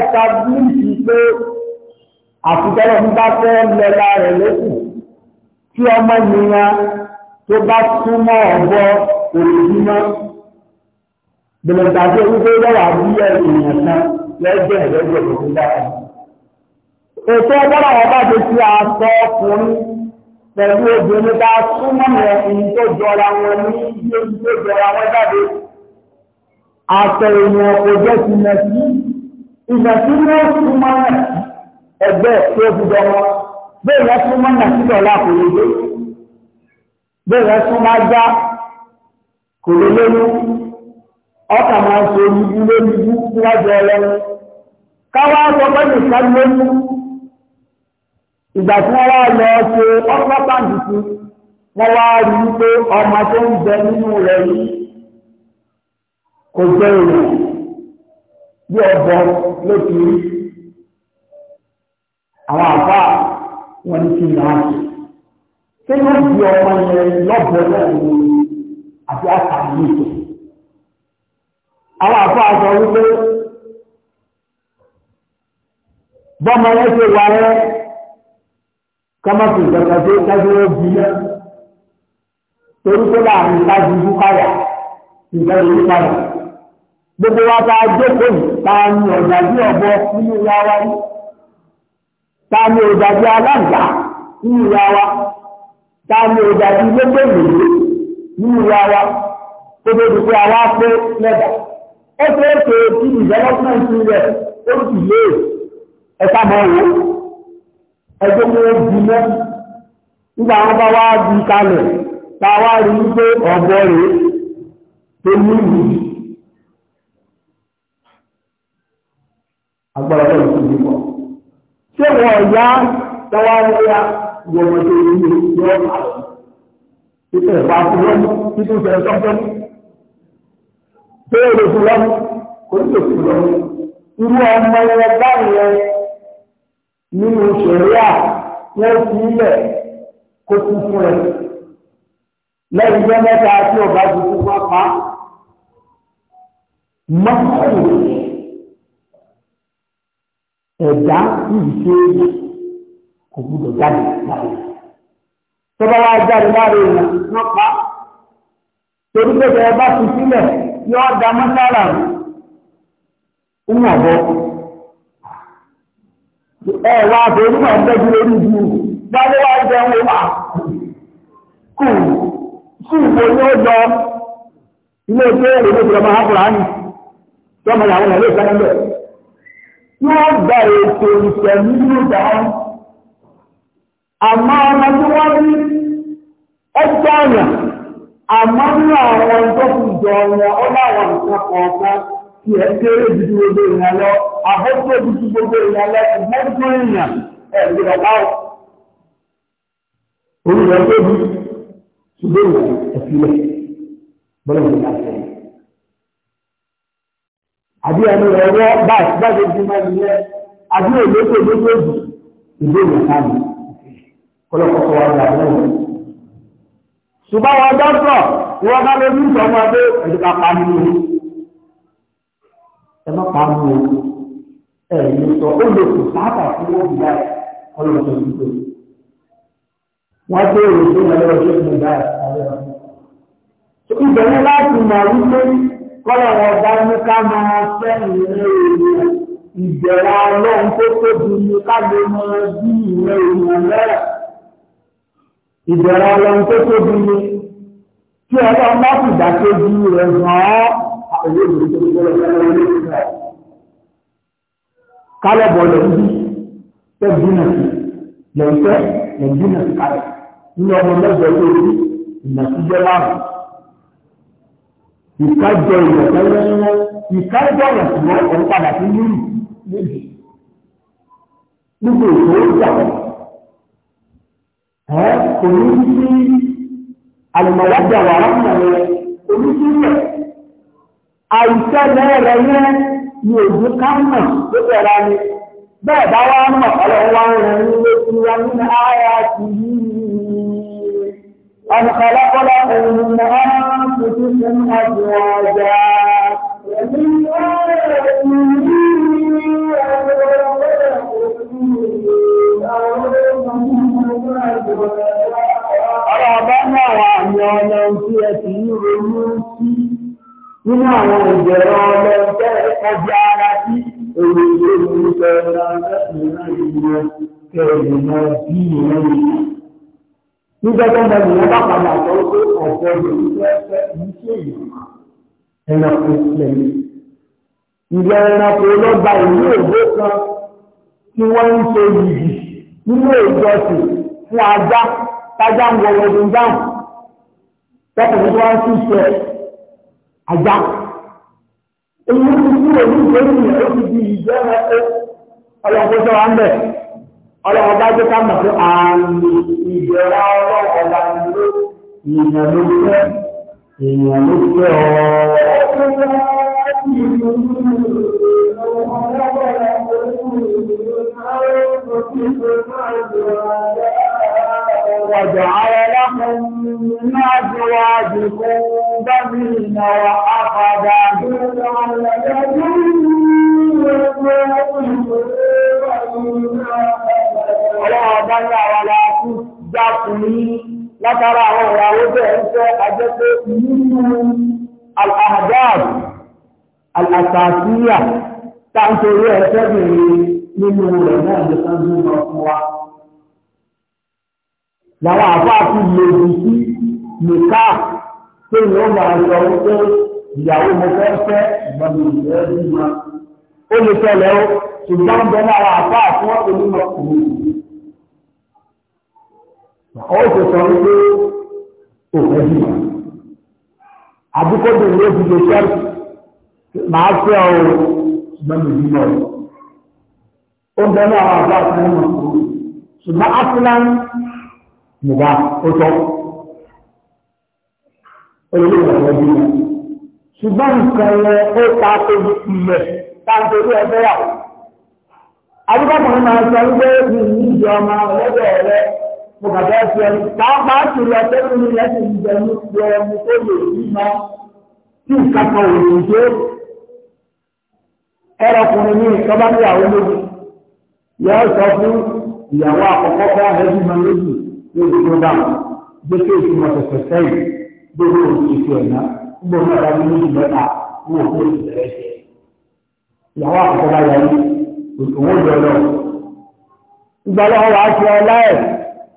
gbẹ̀lẹ̀ta tí ó wípé lọ́wọ́ bí ènìyàn kan lẹ́gbẹ̀ẹ́ a sọ ọkùnrin pẹ̀lú obìnrin bá súnmọ́ ẹ̀yìn tó jọra wọn ní iye tó jọra wọn jáde àtọ̀ ènìyàn kò jẹ́ ti nà sí ìgbà tí wọ́n súnmọ́ nà sí ẹgbẹ́ tí ó bùdọ̀ wọn bẹ́ẹ̀ yẹn súnmọ́ nà sí dọ̀là kò lè dé bẹ́ẹ̀ yẹn súnmọ́ ajá kò lè lóyún ọkà máa ṣe ìlú lóríbú níwájú ọlọ́run káwá sọpẹ́ nìkan lórí ìgbà tí wọ́n wá lọ ṣe ọkọ̀ pàǹtìtì wọ́n wá rí pé ọmọ tó ń bẹ nínú rẹ̀ yìí kò jẹ́ èrò bí ọ̀bọ ló ti rí àwọn àbá wọn ní kí náà ṣe ṣé yóò di ọmọ yẹn lọ́bọ̀ọ́ náà ni àti àtàlù ìtò àwọn àfáà sọ wípé bọ́mọ yẹn ṣe wà rẹ kọ́mọ́tì ìjọba tó kájú ó bí yẹn torí pé láàrin kájú ojú káyà ìjọba ojú káyà gbogbo wa ta jókòó ta ni ọ̀dàjú ọ̀bọ nínú ìyá wa yìí ta ni ọ̀dàjú aláǹgbá nínú ìyá wa ta ni ọ̀dàjú lẹ́gbẹ̀ẹ́ nínú ìyá wa gbogbo ìdìbò àwa pé lẹ́gbàá ó fẹ́ ṣe ti development rẹ̀ ó sì lé ẹ̀ka mọ́ owó ẹjọ́ pé ó di mọ́ nígbà wọn bá wá di kalẹ̀ ta wá rí wípé ọ̀bọ rèé tó ní ìlú agbára lọ́wọ́ sí ìdíkọ̀ ṣé wọ́n ọ̀yá tọ́wọ́ ẹ̀yà yọ̀mọ̀ tó ní ìlú yọ̀ọ́ àlọ́ títẹ̀ bá fún wọn títún fẹ́ sọ́kọ́ ní pé ó lè fi lọ́mú kò ní lè fi lọ́mú irú ọmọ yẹn báyẹn nínú ìṣẹ̀ríà wọ́n fi ilẹ̀ kó tún fún ẹ lẹ́yìn jẹ́ mẹ́ta tí ọba ti fún wọn pa mọ́kànlá ẹ̀dá ìṣe kò gbúdọ̀ jáde láàyè tọ́ba wa jáde láàyè wọn pa torí pé bẹ́ẹ̀ bá fi sílẹ̀ yóò da mọ́sára ọmọ ọ̀bọ. Ẹ wá àbẹ̀rù náà gbẹ́jú lórí ibi gbálẹ́ wá jẹun wà kù sí ìwò ní ó jọ ilé iṣẹ́ èrè ló jọmọ àkùránì jọmọ ìyàwó ìyàwó ìfẹ́ lẹ́lẹ̀. Yóò gba ètò ìṣẹ̀lú nínú ìjà wọn. Àmọ́ ọmọ tí wọ́n rí ẹjọ́ ọ̀yàn àmọ́ nínú àwọn tó kù jọ wọn ó láwọn nǹkan tí ẹ kéré ju gbogbo ìyàn lọ àbójútó ju gbogbo ìyàn lọ ṣùgbọ́n ọ̀gá ṣùgbọ́n ẹ̀fílẹ̀ ṣùgbọ́n wọn dọ́tọ̀ tí wọ́n bá lè ní ìjọba dé ẹ̀dùkà pàmìlò ẹ̀mọ́ pàmìlò ẹ̀yìn sọ ó lè kù sáàtà fún wọn bí láì ọlọ́run tó ń gbé wọn tó èrò tó ń lọ ṣe fún ìgbà ọlọ́run ìbẹ̀rẹ̀ láti mọ̀ wípé kọ́lọ̀ wọn bá ní ká máa fẹ́ ìrẹ́ ìrẹ́ ìbẹ̀rẹ̀ tó tóbi ní ká lè mọ bí ìrẹ́ ìrẹ́ lẹ́rẹ̀ ìbẹ̀rẹ̀ ọlọ́run tó tóbi ni tí ọlọ́run bá sì dákéjì rẹ̀ hàn án èyí ò ní tóbi lọ́wọ́ lọ́wọ́ ilé ìfẹ́ kálẹ̀ bọ̀ lọ sí tẹ́ dínà sí lẹ́ńtẹ́ lẹ́ńdínà sí kálẹ̀ nínú ọmọ mẹ́jọ tó rí ìnàsíjẹ́ márùn-ún ìkájọ ìyàtọ̀ lẹ́yìn ìkájọ ìyàtọ̀ ọ̀pọ̀ padà sí nílùú níbi nígbà èso ìjà wọn ẹ kò ní sí àlùmọ̀wájà wà lọ́nà rẹ kò ní sí rẹ̀ àìsẹ́lẹ̀ rẹ̀ yẹ ni òjò ká mọ̀ tó tẹ̀ra ni bẹ́ẹ̀ bá wá mọ̀ ọlọ́run rẹ̀ ní ọjọ́ nínú àwọn àmì ọ̀nà tí ẹ ti ń ronú sí nínú àwọn ìjẹ̀rọ ọ̀nà tẹ́ ẹ kọjá ara sí èrò ìṣèlú ìṣẹ́ ọ̀nà lẹ́sìn náà ìgbìmọ̀ kẹrìnà bí ìyẹn yìí. Nígbà tó ń bẹ nìyẹn bá padà sọ pé ọ̀pọ̀ ìlú ẹ̀fẹ́ ń ṣe ìyẹn ẹranko lẹ́yìn. Ìgbà ẹranko ló gba ìlú èdè kan tí wọ́n ń ṣe yìí nínú ìjọsìn fún ajá tájá ń wọ ọdún dáhùn tọkùnrin tó wá ń tún ṣe ajá èyí ń fi òní ìgbésí ó ti di ìjẹ́ ẹ ọlọ́pọ̀ tó wà ń bẹ̀ ọlọ́pọ̀ bá jẹ́ ká mọ̀ pé àmì ìjọra ọlọ́pọ̀ là ń lò èèyàn ló fẹ́ èèyàn ló fẹ́ ọ̀ọ́. وجعل لكم من أزواجكم بنين وأخذا Ọlọ́run bá ní àwọn aláàkú dákùn ní látara àwọn ìràwó bẹ́ẹ̀ ń fẹ́ àjẹ́pẹ́ nínú nínú rẹ̀ náà lè sáájú lọ làwọn àbá ti lòdì sí nìka tó ní ó máa sọ wípé ìyàwó mo fẹ́ fẹ́ ìgbà mi ìfẹ́ bí ma ó lè tẹ̀lé o ṣùgbọ́n bẹ́ẹ̀ làwọn àbá tí wọ́n ti ní lọ kù ó ti sọ wípé òfẹ́ bí ma àbúkọ́ tó ní ó lè fẹ́ màá fẹ́ o ìgbà mi ó ń bẹ́ẹ̀ làwọn àbá tí ní lọ ṣùgbọ́n mùbá ó tọ́ olóòwò àwọn ẹbí wọn ṣùgbọ́n nǹkan wọn ó ta tó ilẹ̀ táńtorí ẹgbẹ́ yà àdúgbàkùnrin máa sọ wípé mi ní ìjọ ọmọ ọlọ́dọ̀ rẹ mo bàbá ẹsẹ ẹni pàápàá ti lọ sẹ́yìn ní ẹsẹ̀ ìjẹ ní ti ẹni tó lè rí mọ́ tí nǹkan kan ò lè ṣe ẹrọkùnrin ní ìjọba níyàwó méjì yọ sọ fún ìyàwó àkọ́kọ́ fún ẹbí mọ́ méjì yóò di tó dáhùn bí kí èsì mọ̀ tẹ̀sẹ̀ sẹ́yìn bí wọ́n ti fi ọ̀nà gbogbo náà bá ní méjì mẹ́ta wọ́n ò fún ìbẹ̀rẹ̀ ṣe. ìyàwó àkọ́kọ́ bá yẹn òwò jọ lọ. ìgbàlọ́ ọ̀rọ̀ aṣọ ọlá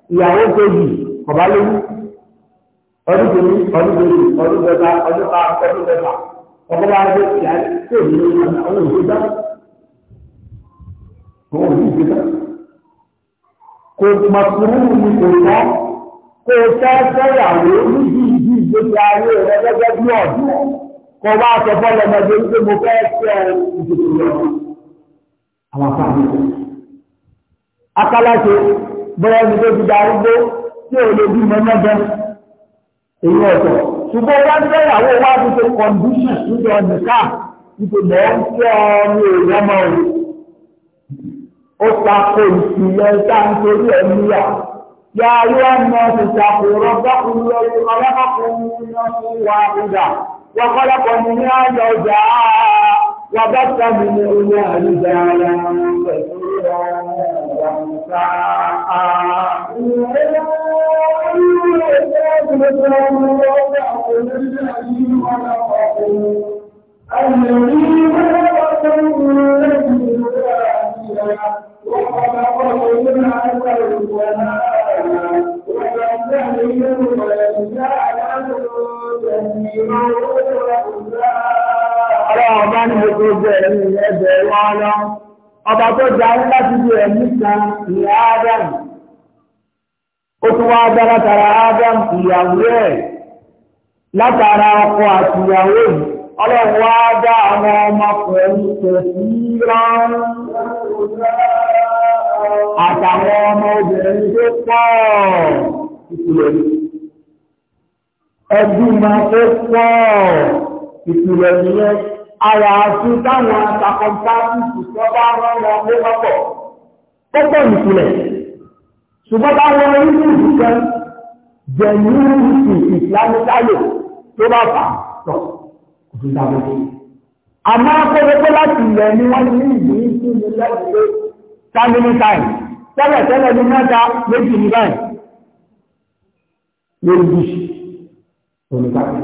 ìyàwó kejì ọdún kejì kò mọ̀kúrú ni kò tọ́ kó o fẹ́ fẹ́yàwó níbi ìdí ìgbésí ayé rẹ gẹ́gẹ́ bí ọ̀dọ́ kó wá sọ fọ́lọ́mọdé wípé mo fẹ́ fẹ́ ìdìbò lọ àwọn afáàmì. akálàṣe bọ́lá ní tó ti darúgbó tí ò lè bí mọ́mọ́dé èyí ọ̀tọ̀ ṣùgbọ́n wá ń fẹ́yàwó wá ti ṣe kọ̀ǹdíṣàn nítorí ọ̀nìkà nítorí ọ̀ ń fẹ́ ọ ní èèyàn ó tako ìsìnlẹ̀ sáńtorí ẹ̀míyà yà yóò mọ ìsàkó rọ́bọ́kùn lórí ọlọ́kùnrin náà fún wa ìdá wọ́kọ́lọ́kọ́ ní ní àjọ ọjà wàbẹ́ta mi ní ilé àríjà ara pẹ̀lú ìwàmùsá Thank you. Ọlọ́ọ̀bá ní gbogbo ẹ̀mí ẹgbẹ̀ wá lọ. Ọba tó darí láti bí ẹ̀mí kan ní Ádámù. Ó tún wá dára tara Ádámù ìyàwó ẹ̀ látara ọkọ àti ìyàwó yìí ọlọ́run wá dá àwọn ọmọkùnrin tó sí rán àtàwọn ọmọ obìnrin tó pọ̀ ìpìlẹ̀ ẹbí ma tó pọ̀ ìpìlẹ̀ nìyẹn ara àti táwọn àtàkọ̀ntàkùnkù tó bá rán wọn ló lọ́pọ̀ pọ́pọ̀ ìpìlẹ̀ ṣùgbọ́n táwọn orílẹ̀-èdè kan jẹ̀ ní ìsìn ìsìlámítálò tó bá fà tọ̀ kò tún dá lójú. àmọ́ akọ́rẹ́kọ́ láti ilẹ̀ ni wọ́n ní ìlú ìlú ìlú lẹ́gbẹ̀ẹ́ tábìlì táì tẹ́lẹ̀ tẹ́lẹ̀ ní mẹ́ta méjì ní báyìí lórí bí oníkàkùn.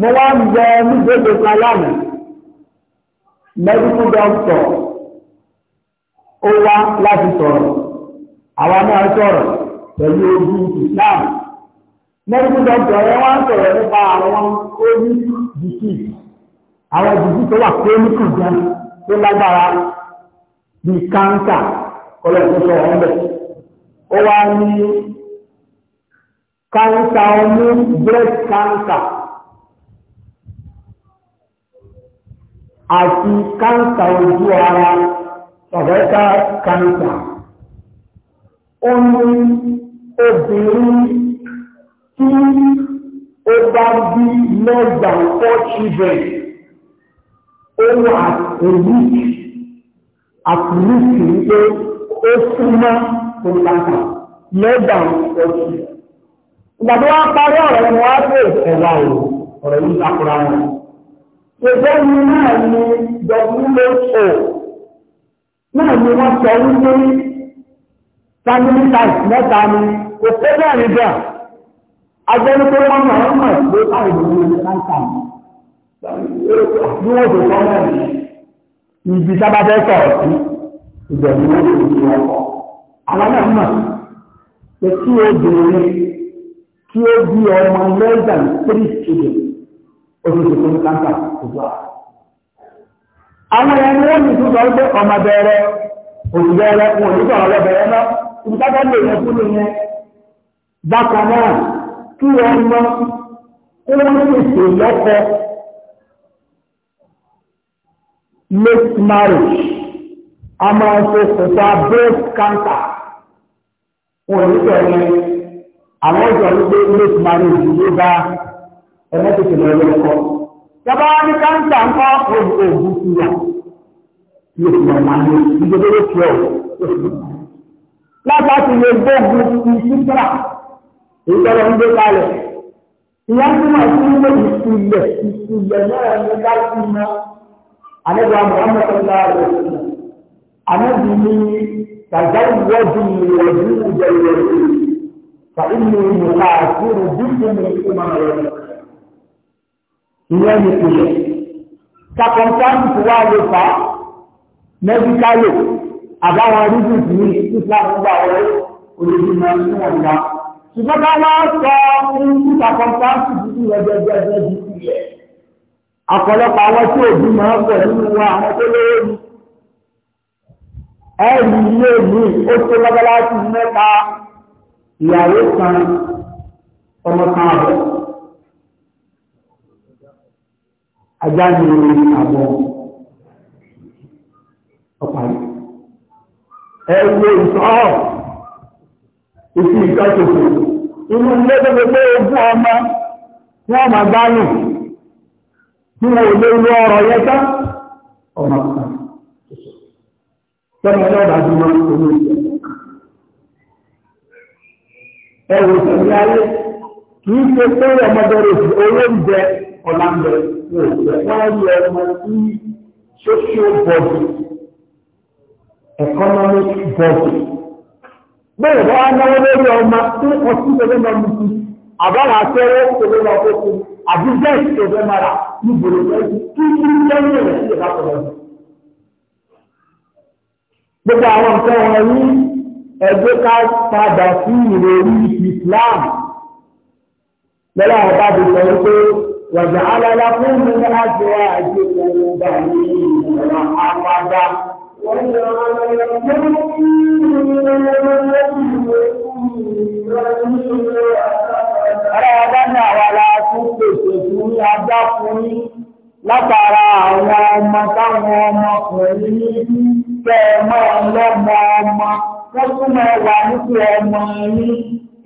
mo wá ń bẹ nígbèdè kan lánàá medical doctor ó wá láti sọ̀rọ̀ àwa náà sọ̀rọ̀ pẹ̀lú ojú Islam medical doctor ẹ ń sọ̀rọ̀ nípa àwọn oníṣẹ́ disease àwọn disease tó wà kírẹ́mìkì gan tó lágbára bíi káńtà ọlọ́ọ̀tún sọ ọ̀hún bẹ̀. ó wá ní káńtà ọmú breast cancer àti káńtà ojú ara ọ̀gẹ́ta káńtà. ó ní obìnrin tí over the less than four children over a week at least ní pé ó súnmọ́ tó lápá less than four children. ìgbà tó wá parí ọ̀rọ̀ ni wọ́n á pè ẹ̀wà o ọ̀rọ̀ yìí takura wọn. ṣèjọ́ ni náà ni WHO náà ni wọ́n sọ wípé family size mẹ́ta ni kò fẹ́ bẹ́ẹ̀ rí bẹ́ẹ̀ agbẹnukọ wọn náà mọ pé báyìí ló ń lọ láǹkà bí wọn tó kọ náà ibi sábàtẹ sọ̀rọ̀ sí ibẹ̀ ni wọn lè fi ọkọ àwọn náà mọ pé kí o béèrè kí o bí ọmọ lẹ́gbẹ̀ẹ́ three children oṣooṣù tó ní láǹkà gbogbo àwọn. àwọn ẹni wọn ti tún sọ pé ọmọ bẹ̀rẹ̀ òṣìṣẹ́ rẹ wọn ò ní sọ̀rọ̀ lọ́bẹ̀rẹ̀ náà ìdíkàtà lè yẹ fún mi yẹn bákan náà kí ọmọ kó wọ́n pèsè lọ́kọ late marriage a máa ṣe kòtà breast cancer wọn ò ní sọ̀rọ̀ àwọn ìjọ wípé late marriage ló bá ẹ̀mọ́ pèsè lọ́wọ́ lọ́kọ. Yàrá ní káńtà ń kọ́ oògùn sí wa yóò fi ọ̀nà ní ìjọba ló fi ọ̀ láti lè gbógun sí èyí tọ́lọ̀ ń gbé kalẹ̀ ìyá tí wọ́n ti ń gbé ìsúlẹ̀ ìsúlẹ̀ náà ní láti mọ àlejò àmọ́ sọ́lá rẹ̀ àmọ́bí ní tàjáwé wọ́ọ̀dù ìwọ̀dù ìjẹ̀lẹ̀ fàí ní ìmọ̀ta àkúrò dídì ní ìmọ̀ rẹ̀ ìyẹn ní ìpìlẹ̀ sàkọ̀ǹtàǹtì wà lè fà mẹ́díkálì àbáwọn rídìtì ní islam gbà wọlé ṣùgbọ́n bá wá sọ ohun títà kọ́ńtáàtì dúdú lọ́jọ́jọ́ ẹgbẹ́ ju ilẹ̀ ọ̀pọ̀lọpọ̀ àwọn tí òbí máa ń bọ̀ nínú wa àwọn tó lówó ni ẹ̀rù ilé mi ó tó lọ́gọ́láṣí mẹ́ta ìyàwó kan ọmọ kan àbọ̀ ajá ni àbọ̀ ọ̀pàá ẹ̀rù ìṣọ́ ìfi ìkàtòkò inú lẹ́gbẹ̀ẹ́ pé ogún ọmọ wọ́n ma gbánù tí wọ́n lè lọ ọ̀rọ̀ yẹta ọ̀rọ̀ sọ́nà lọ́dà bí wọ́n tó ní ẹ̀wù sẹ̀mí ayé kì í ṣe pé ọmọdọ̀rọ̀ sí owó ń jẹ ọ̀làǹdẹ̀ wọ́n yẹ ọmọ sí social body economic body bẹ́ẹ̀ bá wá náwó lórí ọmọ tí ọtí tẹ̀lé máa mú sí àbára akẹ́rẹ́ tẹ̀lé máa kó fún àbí bẹ́ẹ̀ tẹ̀lé máa rà ní ìbòrò lẹ́yìn kí kí lẹ́yìn rẹ̀ sí ìbá pẹ̀lú. gbogbo àwọn nǹkan wọn ní ẹgbẹ́ ká padà sí ìròyìn Islam lọ́la àwọn bá ti sọ wípé wàjà alálá fún mi láti wá àjẹkọ̀ọ́ bá ní ìwọ̀n àwọn àgbà. Ara ọba ní àwa la tún pèsè fún ajá fún yín látara àwọn ọmọ táwọn ọmọkùnrin ní kẹ́ ẹ máa lọ́mọ ọmọ wọ́n tún máa wà nípò ọmọ yín.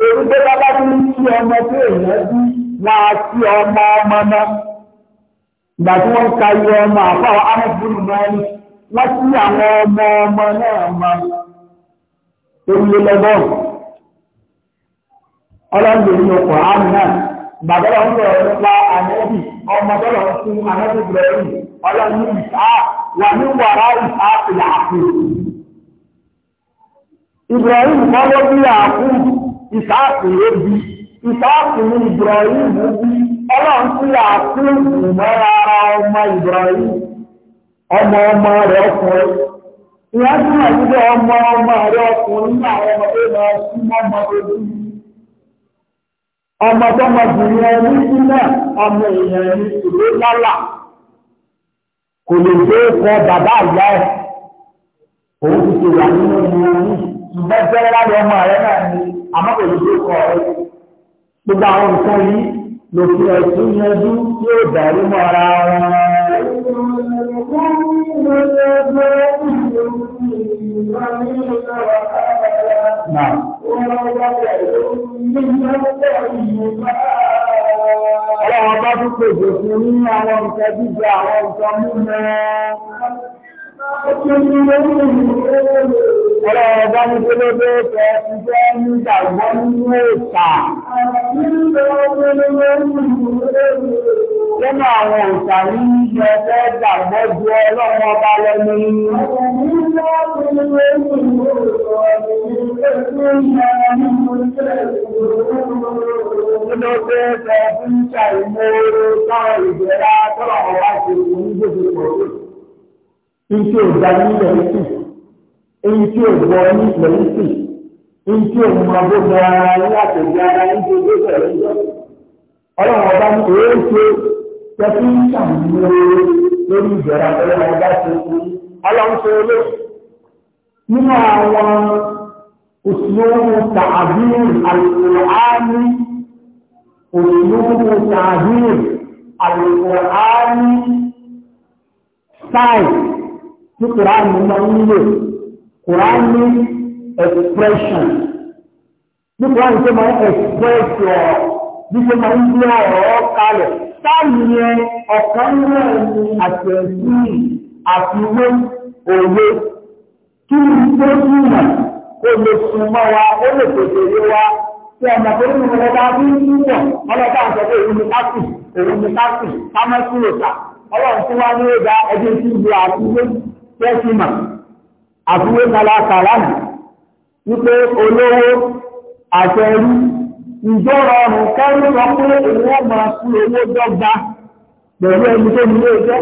Èrú tó bá bá tún ń kí ọmọ tó èèyàn bí máa kí ọmọ ọmọ náà. Ìgbà tí wọ́n ń ka iye ọmọ àpá àwọn amúgbùnú náà ní. láti àwọn ọmọ ọmọ náà ma tó lé lọ́gọ́rùn ọkọ̀ àmì náà bàbára ń lọ nípa ànẹ́bì ọmọ fún ànẹ́bì ọlọ́ni wà ní ìlà bí bí bí ọlọ́run sí ọmọ ọmọ ọmọ rẹ̀ ọkùnrin ìyá tí wọ́n ti jẹ́ ọmọ ọmọ rẹ̀ ọkùnrin ní àwọn ọmọ tó lọ súnmọ́ ọmọ tó bí ọmọ tó mọ bìnrin ẹni sí náà ọmọ èèyàn ní ìlú lálà kò lè gbé kọ bàbá ìyá ẹ̀ òun ti ṣe wà nínú ìlú ní ìgbẹ́ fẹ́rẹ́ láti ọmọ rẹ̀ náà ni àmọ́ kò lè gbé kọ rẹ̀ gbogbo àwọn nǹkan yìí lòfin ẹ̀sìn yẹn dún yóò dàrú mọ́ ara wọn. Ọlọ́run bá tún pèsè fún ní àwọn nǹkan jíjẹ àwọn nǹkan mímọ́. Ọ̀rọ̀ ọ̀gá ní pé lóde ẹ̀fẹ́ ti jẹ́ nígbàgbọ́ nínú ìta. Lẹ́nu àwọn òṣà ní ìjọ ẹgbẹ́ gbàgbọ́ ju ọlọ́run ọba lẹ́nu. Lóde ẹ̀fẹ́ ti ń ṣàìmọ́ orí tán ìgbéra tọ́lọ̀ ọba ṣe kò ní gbèsè pẹ̀lú ntí o da ní lẹ́yìn sí ntí o bọ̀ ní lẹ́yìn sí ntí o mọ bó bọ ara ní àtẹ̀jú ara ní tó tó bẹ̀rẹ̀ jọ. ọlọ́run ọba ní èyí ṣe tẹ́tí ń ṣàmúlò lórí ìjọra ọlọ́run ọba ṣe fún ọlọ́run ṣe olè nínú àwọn òṣìlówó tààbíìn àlùkùránì òṣìlówó tààbíìn àlùkùránì sáì tí kùránì máa ń lò kùránì expression tí kùránì tó máa ń express your bí tó máa ń gbé ọ̀rọ̀ kalẹ̀ táàmì yẹn ọ̀kan náà ni àtẹ̀sí àfiwé òwe kí ni tó túmọ̀ ó lè sùn mọ́ wa ó lè tètè yé wa tí ọmọ tó nínú ọlọ́dá bí ń túbọ̀ ọlọ́dá ń sọ pé èyí ni káàkì èyí ni káàkì kámẹ́sì lòtà ọlọ́run tí wá ní ẹ̀dá ẹgbẹ́ tí ń bu àfiwé tẹ́sìmà àfiwé kàlákàlá wípé olówó àtẹ̀rí ìjọra ọ̀rùn kẹ́rù sọ pé ìwọ́n máa fi owó dọ́gba pẹ̀lú ẹni tó ní ilé iṣẹ́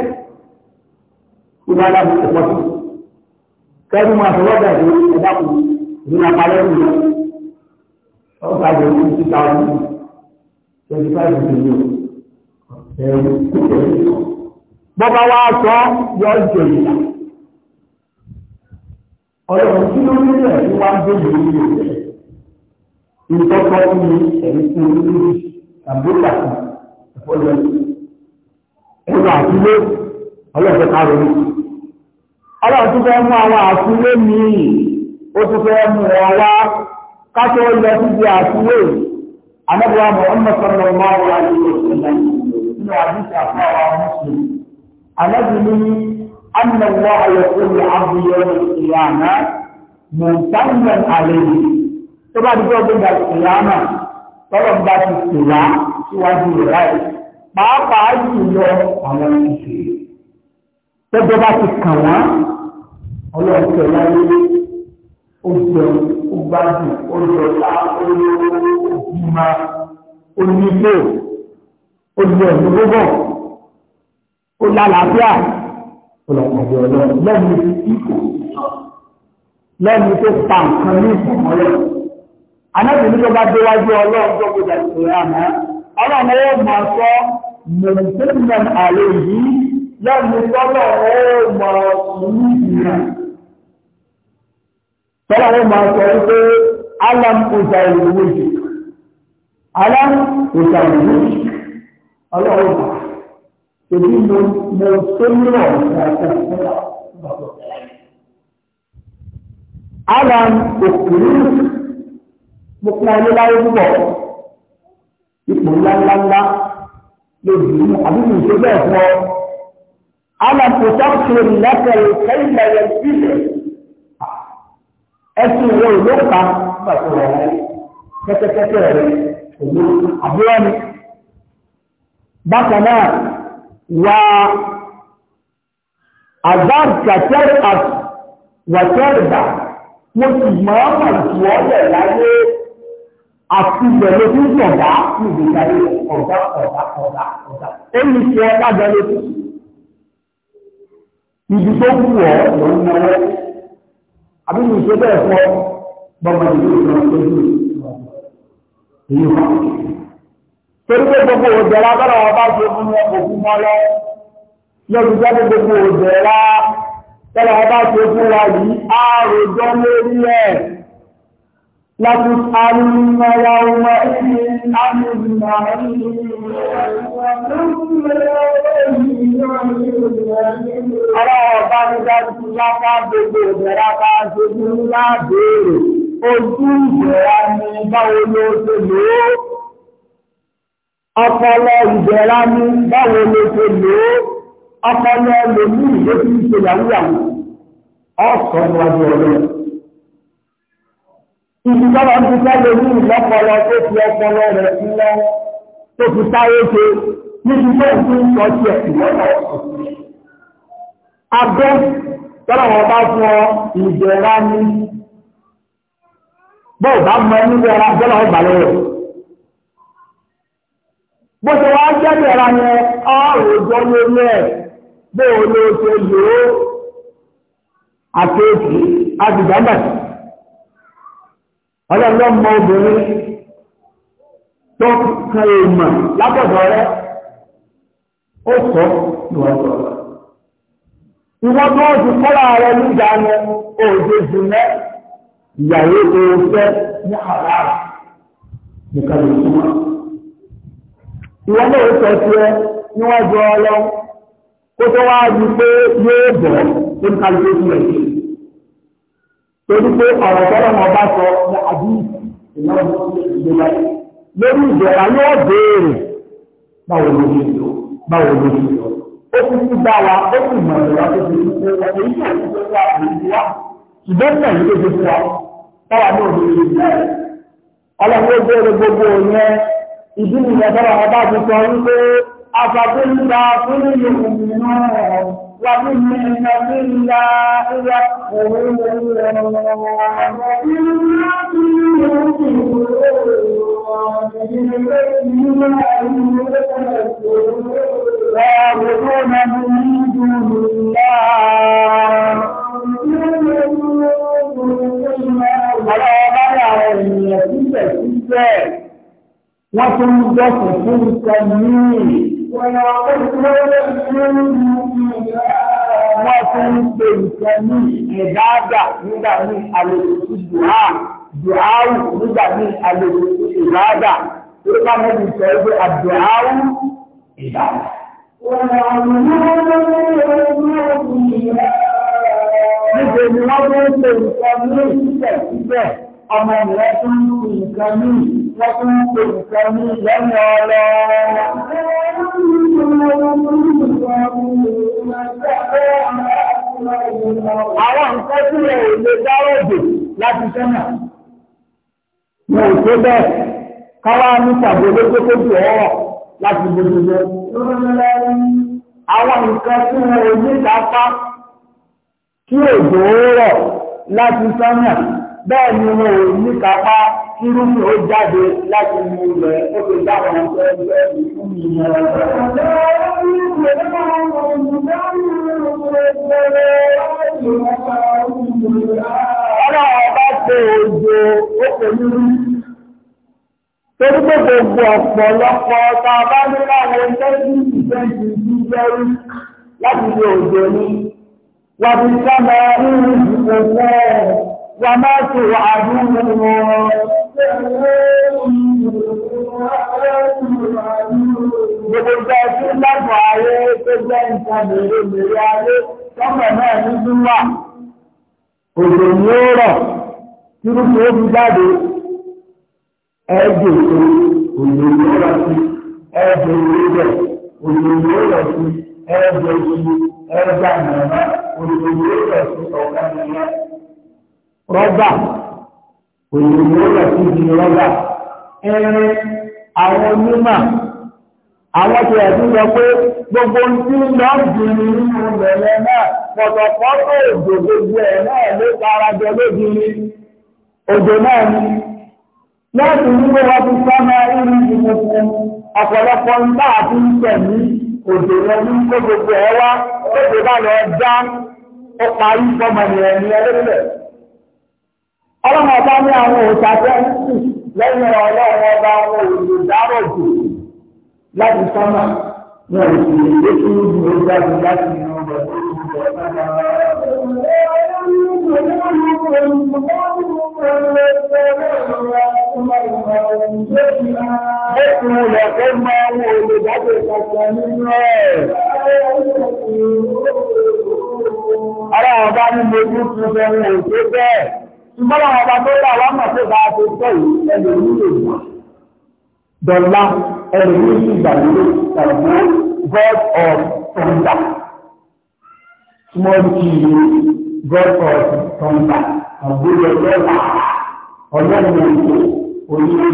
ìwà aláàbò pọ̀ sí kẹ́rù máa fi wọ́dà sí ẹ̀dá kù ìlú apalẹ́ ìlú ọ̀gá ìlú ti ta ọdún twenty five million bọ́bá wa sọ yọ ìjọ ìlà ọlọ́run kí ló ní ẹ̀ ní wá gbèjì ní ìlú rẹ̀ ìtọ́kọ́ ní ẹ̀rí fún olórí àbúrò àti ìfọ́lẹ́ ẹ̀rọ àtúlé ọlọ́run ká rẹ̀ ní. ọlọ́run tún fẹ́ mú àwọn àtúlé míì ó tún fẹ́ mú wọn wá kátó lọ síbi àtúlé anábíwá Muhammad sallallahu alaihi wasallam nínú àdúgbò àfọwọ́ àwọn mùsùlùmí anábìlú أن الله يقول لعبد يوم القيامة ممتنا عليه tó bá dúró gbéga ìlànà tọ́lọ̀ bá ti pèlá síwájú ìrà ẹ̀ pàápàá jùlọ àwọn ìṣe tọ́jọ́ bá ti kàn wọ́n ọlọ́ọ̀tẹ̀ láyé ó jẹun ó gbádùn ó ọlọ́pàdé ọlọ́run lẹ́nu tí ikò lẹ́nu tó pa nǹkan ní ìfọ̀mọ́ rẹ̀. Anábìnú tó bá déwájú ọlọ́run tó kó dàtò àmọ́, ọlọ́run ó máa sọ mẹ̀rìndínlẹ́n ààrẹ yìí lẹ́nu tọ́lọ̀ ó máa sùn ìrìnà. Tọ́lọ̀ ó máa sọ wípé Alam Oja ìlú Alam Oja ìlú Ọlọ́run Èmi mo mo tó nílò ọ̀sán àti àtúnṣe àtúnṣe. Ara òkúrú mo fún ọdún láyé púpọ̀. Ipò ńlá ńlá ńlá ló dì í àbí mi ṣe bẹ́ẹ̀ fún ọ. Ara pòtọ́kìlì lẹ́kẹ̀rẹ̀ kẹ́yìn lẹ́yẹ sílẹ̀. Ẹ̀sìn ìwé ìlú kan nígbà tó wọ̀ láyé. Kẹ́kẹ́kẹ́kẹ́ rẹ̀ òun àbúrò ni. Bákan náà. وعذاب كترأس وتربى مسمى الجوال الذي àtúbẹ̀ ló tún yọ̀dá níbi ìdarí ọ̀dá ọ̀dá ọ̀dá ọ̀dá. Ẹni tí ẹ bá bẹ̀rẹ̀ tó. Ibi tó kú ọ̀ ló ń náwó. Àbí mi ṣe bẹ́ẹ̀ fọ́ bọ́mọ ìlú ìlú ọ̀dọ́ ìlú torí pé gbogbo òjẹ̀rá bọ́rọ̀ wọn bá ṣe fún wọn kò fún wọn lọ lọ́dún jẹ́ pé gbogbo òjẹ̀rá bọ́rọ̀ wọn bá ṣe fún wa yìí àròjọ́ lórí ẹ̀ láti alùmọ̀lá ọmọ ìrìn àmìlìmọ̀ ọ̀rọ̀ ọ̀bá ní dájú lápá gbogbo òjẹ̀rá bá ṣe fún láàbèèrè ojú ìjẹ̀rá ni báwo ló ṣe lòó ọpọlọ ìbẹ̀rẹ̀ ní báwo ló ṣe lò ó ọpọlọ lè mú ìwé tí ń ṣe yàwó yàwó ọ̀sọ̀ níwájú ọlọ́run ìdíjọba ń dúpẹ́ lè mú ìlọ́pọlọ tó fi ọpọlọ rẹ̀ sí lọ tó fi sáré ṣe níbi tó fi ń sọ sí ẹ̀sìn lọ́wọ́ abẹ́ tọ́lá wọn bá fún ọ ìbẹ̀rẹ̀ ní bọ́ọ̀ bá mọ nígbà ọ̀la tọ́lá lọ́wọ́ bó ṣe wá jẹ́bẹ̀ra yẹn ọ̀rọ̀jọ́ lórí ẹ̀ bó o ṣe ó àkéèkì ọlọ́run mọ obìnrin tó kan èèmọ̀ rẹ ó sọ tó kọ́ra rẹ òde jùlẹ ìyàwó tó fẹ́ ní àrà ìwọ náà ó sọ sí ẹ níwájú ọlọ kó tó wá rí pé yóò bọ̀ ní kálukú rẹ̀ torí pé ọ̀rọ̀ tọ́lọ́ wọn bá sọ ní àbí ìlànà ìgbéga lórí ìjọba yóò béèrè báwo ló ṣe lọ báwo ló ṣe lọ ó ti ti bá wa ó sì mọ̀ ìwà tó ti fi ṣe ọ̀rọ̀ yìí àti tó wà lórí wa ṣùgbọ́n náà yìí ti fi wa táwa náà ló ṣe lọ ọlọ́run ó béèrè gbogbo yẹn ìdí ni ìyàtọ̀rọ̀ ọba ti sọ wípé afàbí ń gba fún ìlú ìrìnà wà ní ìrìnà sí ìlà ìyà òun ويعبدون من دون الله Ọlọ́run bá yàwó ènìyàn síbẹ̀ síbẹ̀ wọ́n tún ń dọ́kùn fún nǹkan míì. Wọ́n tún ń pe nǹkan míì ìdáàdà nígbà ní àlejò sí dùhà, dùhàù nígbà ní àlejò sí ìdáàdà. Ó bá mẹ́bí sọ pé àdùhàù ìdáàdà. Níbo ni wọ́n tún ń pe nǹkan míì ọmọ ìrẹ́ tó ń kú nǹkan ní wọ́n tó nǹkan ní lẹ́yìn ọlọ́ Àwọn nǹkan tí ẹ̀ lè dáwọ́ jù láti sẹ́nà. Mo ò tó bẹ́ẹ̀, káwá ní tàbí olókókó jù ọ̀rọ̀ láti gbogbo jẹ́. Àwọn nǹkan tí ẹ̀ lè dápá kí òjò rọ̀ láti sẹ́nà bẹ́ẹ̀ ni wọn ò ní kápá irúgbìn ó jáde láti mú ilẹ̀ ó fi dáwọn ọmọ ẹgbẹ́ ìfún ìyẹn. Ọlọ́run bá ṣe òjò òkè nínú. Torí pé gbogbo ọ̀pọ̀lọpọ̀ ta bá ní láwọn tẹ́jú ìfẹ́jì sí lẹ́rí láti ṣe òjò ní. Wàbí sábà ń rí ìfẹ́ wà máa tó àdúgbò wọn. Gbogbo jẹ́ tí lọ́pọ̀ ayé tó jẹ́ nǹkan mèrè mèrè ayé tọ́pọ̀ náà ní Júmà. Òjò ní ó rọ̀, tírúkú ó fi jáde, ẹ̀ẹ́dẹ̀ tó òjò ní ó rọ̀ sí, ẹ̀ẹ́dẹ̀ ìrẹ́bẹ̀, òjò ní ó rọ̀ sí, ẹ̀ẹ́dẹ̀ ìṣú, ẹ̀ẹ́dẹ̀ àmàmà, òjò ní ó rọ̀ sí ọ̀gá nìyẹn rọ́bà òyìnbó rọ́bà tí di rọ́bà ẹrin àwọn onímọ̀ àwọn tí ẹ̀sùn sọ pé gbogbo tí ń lọ jìnnì nínú ìbẹ̀rẹ̀ náà pọ̀tọ̀pọ̀tọ̀ òjò gbogbo ẹ̀ náà ló tara jọ lóbìnrin òjò náà ni láti nílé wa ti sọ́nà irú ìfúnfún ọ̀pọ̀lọpọ̀ ńlá àti ìṣẹ̀mí òjò wọn ní kó gbogbo ẹ̀ wá ó ti bá lọ já ó parí fọmọ nìyẹn ní ẹlẹ́lẹ́ ọlọ́run ọba ní àwọn òṣàfẹ́ ń sì lẹ́yìn ọlọ́run ọba àwọn olùdárò jù láti sọ́mà ní ọ̀sẹ̀ èdè tí ó dùn ó jáde láti inú ọ̀rọ̀ tó ń bọ̀ Ẹkùn rẹ̀ tó máa ń wo olùdájọ́ ìpàtàkì nínú ẹ̀. Ara ọba ní mo tún fún ẹ̀wọ̀n tó bẹ́ẹ̀. Ìgbọ́nà ọba tó dá wá mọ̀ tó bá ṣe tẹ́ yìí ẹlò nílò ìmọ̀. Dọ̀lá ẹlò ní ìgbàlódé tàbí God of Thunder. Small key God of Thunder. Àgbélé lọ́la ọlọ́run ètò onílé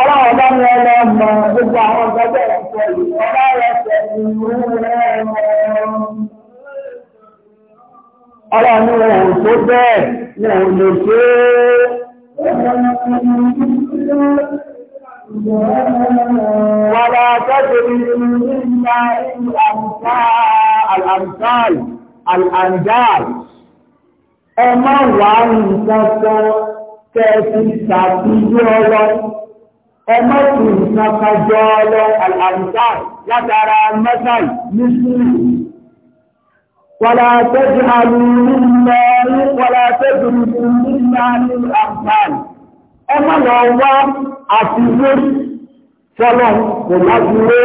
Ọlọ́run ọba ni ọlọ́mọ gbogbo àwọn ọgbẹ́gbẹ́ ẹ̀ṣẹ̀ yìí ọlọ́run ẹ̀ṣẹ̀ ìlú rẹ̀ mọ́ ọ̀rọ̀ ní ohun tó bẹ́ẹ̀ ní ohun lè ṣe wàlá tẹ́tẹ̀rí nígbà al'amsal al'anjal ẹ má wà nǹkan ọlọ́ ẹ má fi ọlọ́ al'amsal látara mẹ́sàn ní sùúrù ولا تجعلوا مما ولا تجعلوا مما للأمثال أما لو أفضل فلن قلبوا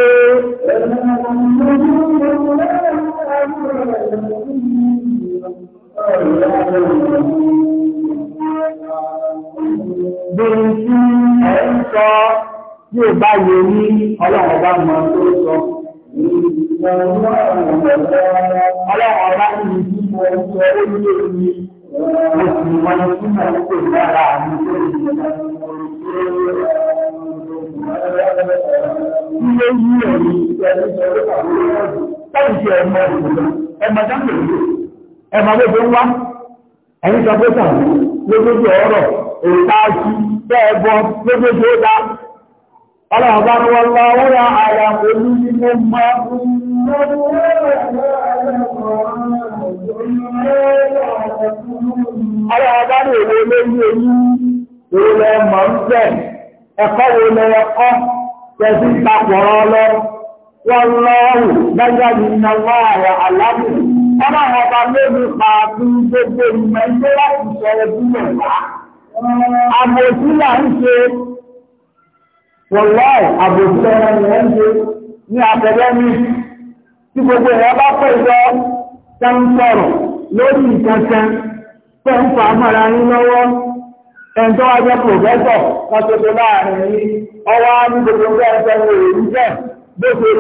Bẹ̀rẹ̀ sí ẹ̀ńsọ yóò bá yẹ ní ọlọ́run bá mọ̀ tó sọ. Ọlọ́run gbogbo ń wá ẹ̀yìn sọ pé tàn lójójú ọ̀rọ̀ èyí tá bẹ́ẹ̀ bọ́ lójójú ó dá Ọlọ́ọ̀bá ni wọ́n lọ wọ́n àyà pẹ̀lú nínú mọ́. Ọlọ́ọ̀bá ni èwo lórí èyí, èwo lẹ mọ̀ ń bẹ̀, ẹ̀kọ́ wo lẹ ẹ̀kọ́, tẹ̀sí papọ̀rọ̀ lọ. Wọ́n lọ́rù lọ́jọ́ ìrìnà wọ́n àyà àlábù. Ọlọ́ọ̀bá ọba lórí pàápín gbogbo ìmọ̀ wọ̀láì àbòsílẹ̀ ẹran ni wọ́n ṣe ní akadẹ́mì tí gbogbo ẹ̀rọ bá pẹ̀ jọ tẹ́ńtọ̀rọ̀ lórí ìkankan tẹ́ńtọ̀ amára ní lọ́wọ́ ẹ̀ńtọ́ wá jẹ́ pòfẹ́sọ̀ kan ṣoṣo láàrin ní ọwọ́ ní gbogbo ẹgbẹ́ ẹgbẹ́ òòrùn jẹ́ bó ṣe rí rè jẹ́mọ́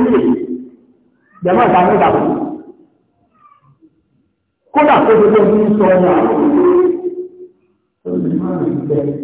ìsàmú ìdàpọ̀ kódà tó gbogbo ẹgbẹ́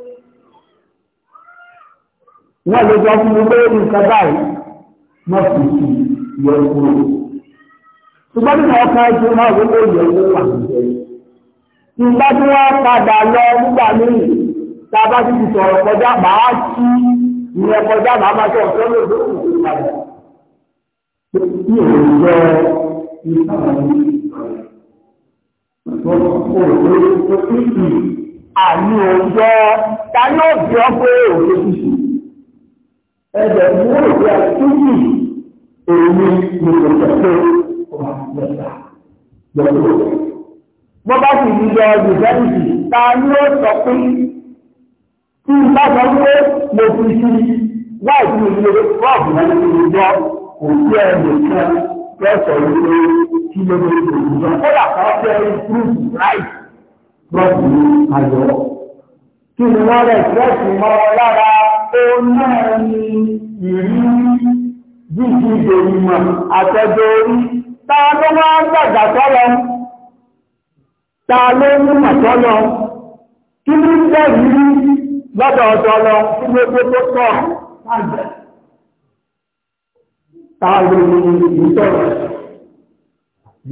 wọ́n lè jọ fún ilé nǹkan báyìí wọ́n fi sí yẹ kúrò. ṣùgbọ́n nínú ọkọ̀ ojú náà ló lè yẹ owó àwùjọ. ìgbà tí wọ́n padà lọ nígbà míì tá a bá ti ti sọ̀rọ̀ kọjá màá sí ìyẹn kọjá màá máa sọ̀rọ̀ tó lè lókùn tó padà. Ní òòjọ́ ìsọ̀rọ̀ àmì òòjọ́ ta ni ó fi ọ́ pé òòjọ́ ṣíṣe ẹ̀jẹ̀ mú òkè àtúntì èyí ni ìròyìn pé wà mẹ́ta lọ́wọ́. Wọ́n bá sì ní lọ rìsẹ́ǹtì ta ni ó sọ pé tí n bá sọ pé mo fi sí láì sí ilé rọ́ọ̀bù náà ní ìjọ kò sí ẹ̀jẹ̀ kan lọ́sọ̀ wípé kí ló lè lò ìjọ. Kódà kan fẹ́ ìfúrúfù láì rọ́ọ̀bù ayọ̀. Kí ni wọ́n rẹ̀ fẹ́ẹ̀sì mọ́ lára òun náà ni ìrírí jíjíde ìmọ̀ àtẹ́jọ orí ta ló wá gbàgbà tọ́lọ ta ló ní màtọ́lọ kí ní jẹ́ ìrírí lọ́dọ̀ ọ̀tọ́lọ kí ló tó tó tọ́ àgbẹ̀ ta ló ní ìsọ̀rọ̀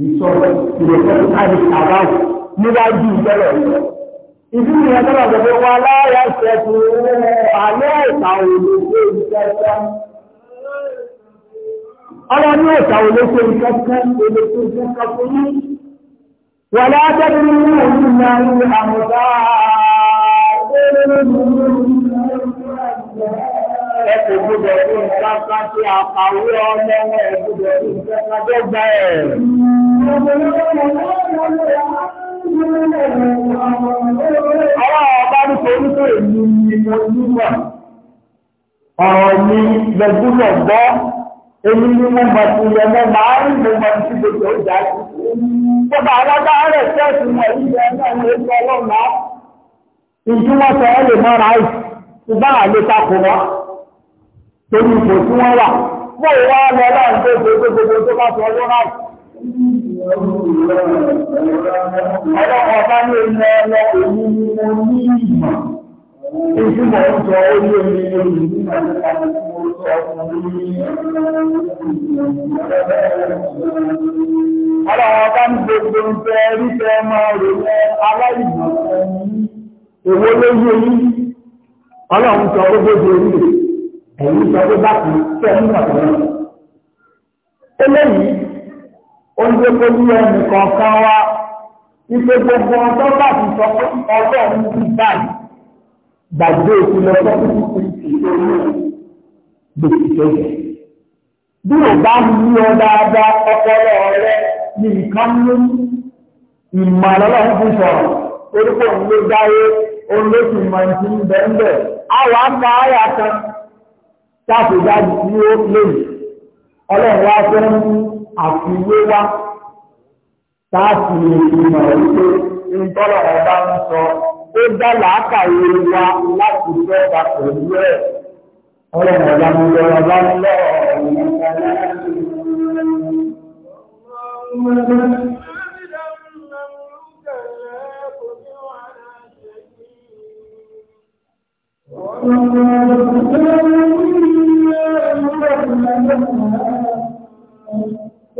ìsọ̀rọ̀ ìrọ̀lẹ́ àti àbáwò níwájú ìbẹ̀rẹ̀ ìrọ̀lẹ́ ìdí ìyẹn tó lọ́dọ̀ pé wà láyà ṣẹ̀kù alẹ́ ìtàwọn olóṣèlú ìjẹta ọlọ́ ní ìtàwọn olóṣèlú ìjẹta olóṣèlú ìjẹta fún ní wà láyà ní ìlú ìlú àmọ́dá Ẹkùn gbọdọ̀ tó Àwọn ọba ní kò ní tó èlú ni mo ní wà. Ọ̀rọ̀ ni lẹ́gbúnlọ̀ gbọ́, èmi ni mo bá ti yẹ mọ́ máa ń mo bá ti gbogbo ìjà sí. Bọ́bá alágbá rẹ̀ tẹ́ẹ̀sì mọ̀ ìjẹ́ náà ló sọ lọ́nà. Ìjúmọ̀ sọ ọ́ lè mọ́ra ìsì, ìbá àlè takò wọ́n Ọlọ́run ọba ní ilẹ̀ ọlọ́ èyí ni mo ní ìmọ̀. Èyí mọ̀ ń sọ orí omi omi nígbà nípa tí mo sọ fún mi. Ọlọ́run ọba ní gbogbo ń fẹ́ rí fẹ́ ó ń gbé pẹ̀lú ẹnì kọ̀ọ̀kan wa ipe gbogbo ọjọ́ bá ti sọ pé ọlọ́run ti báyìí gbàgbé ìpìlẹ̀ ọjọ́ tó ti ti ìlú gbèsè jẹjẹ. bí o bá ń yí ọ dáadáa ọpọlọ rẹ ní nǹkan mú ìmọ̀ ọlọ́run fún sọ̀rọ̀ orúkọ òun ló dáyé òun ló sì mọ̀ ní ti bẹ́ẹ̀ àwọn àgbà kan táàpù dájú ní ọlọ́run wá fẹ́ mú àfiwé wá táàkì ìmọ̀ wípé ìtọ́lọ̀ ọba ń sọ ó dá làákàyè wa láti fẹ́ wa pẹ̀lú ẹ̀ ọlọ́run ń lọ ọba ń lọ Thank you.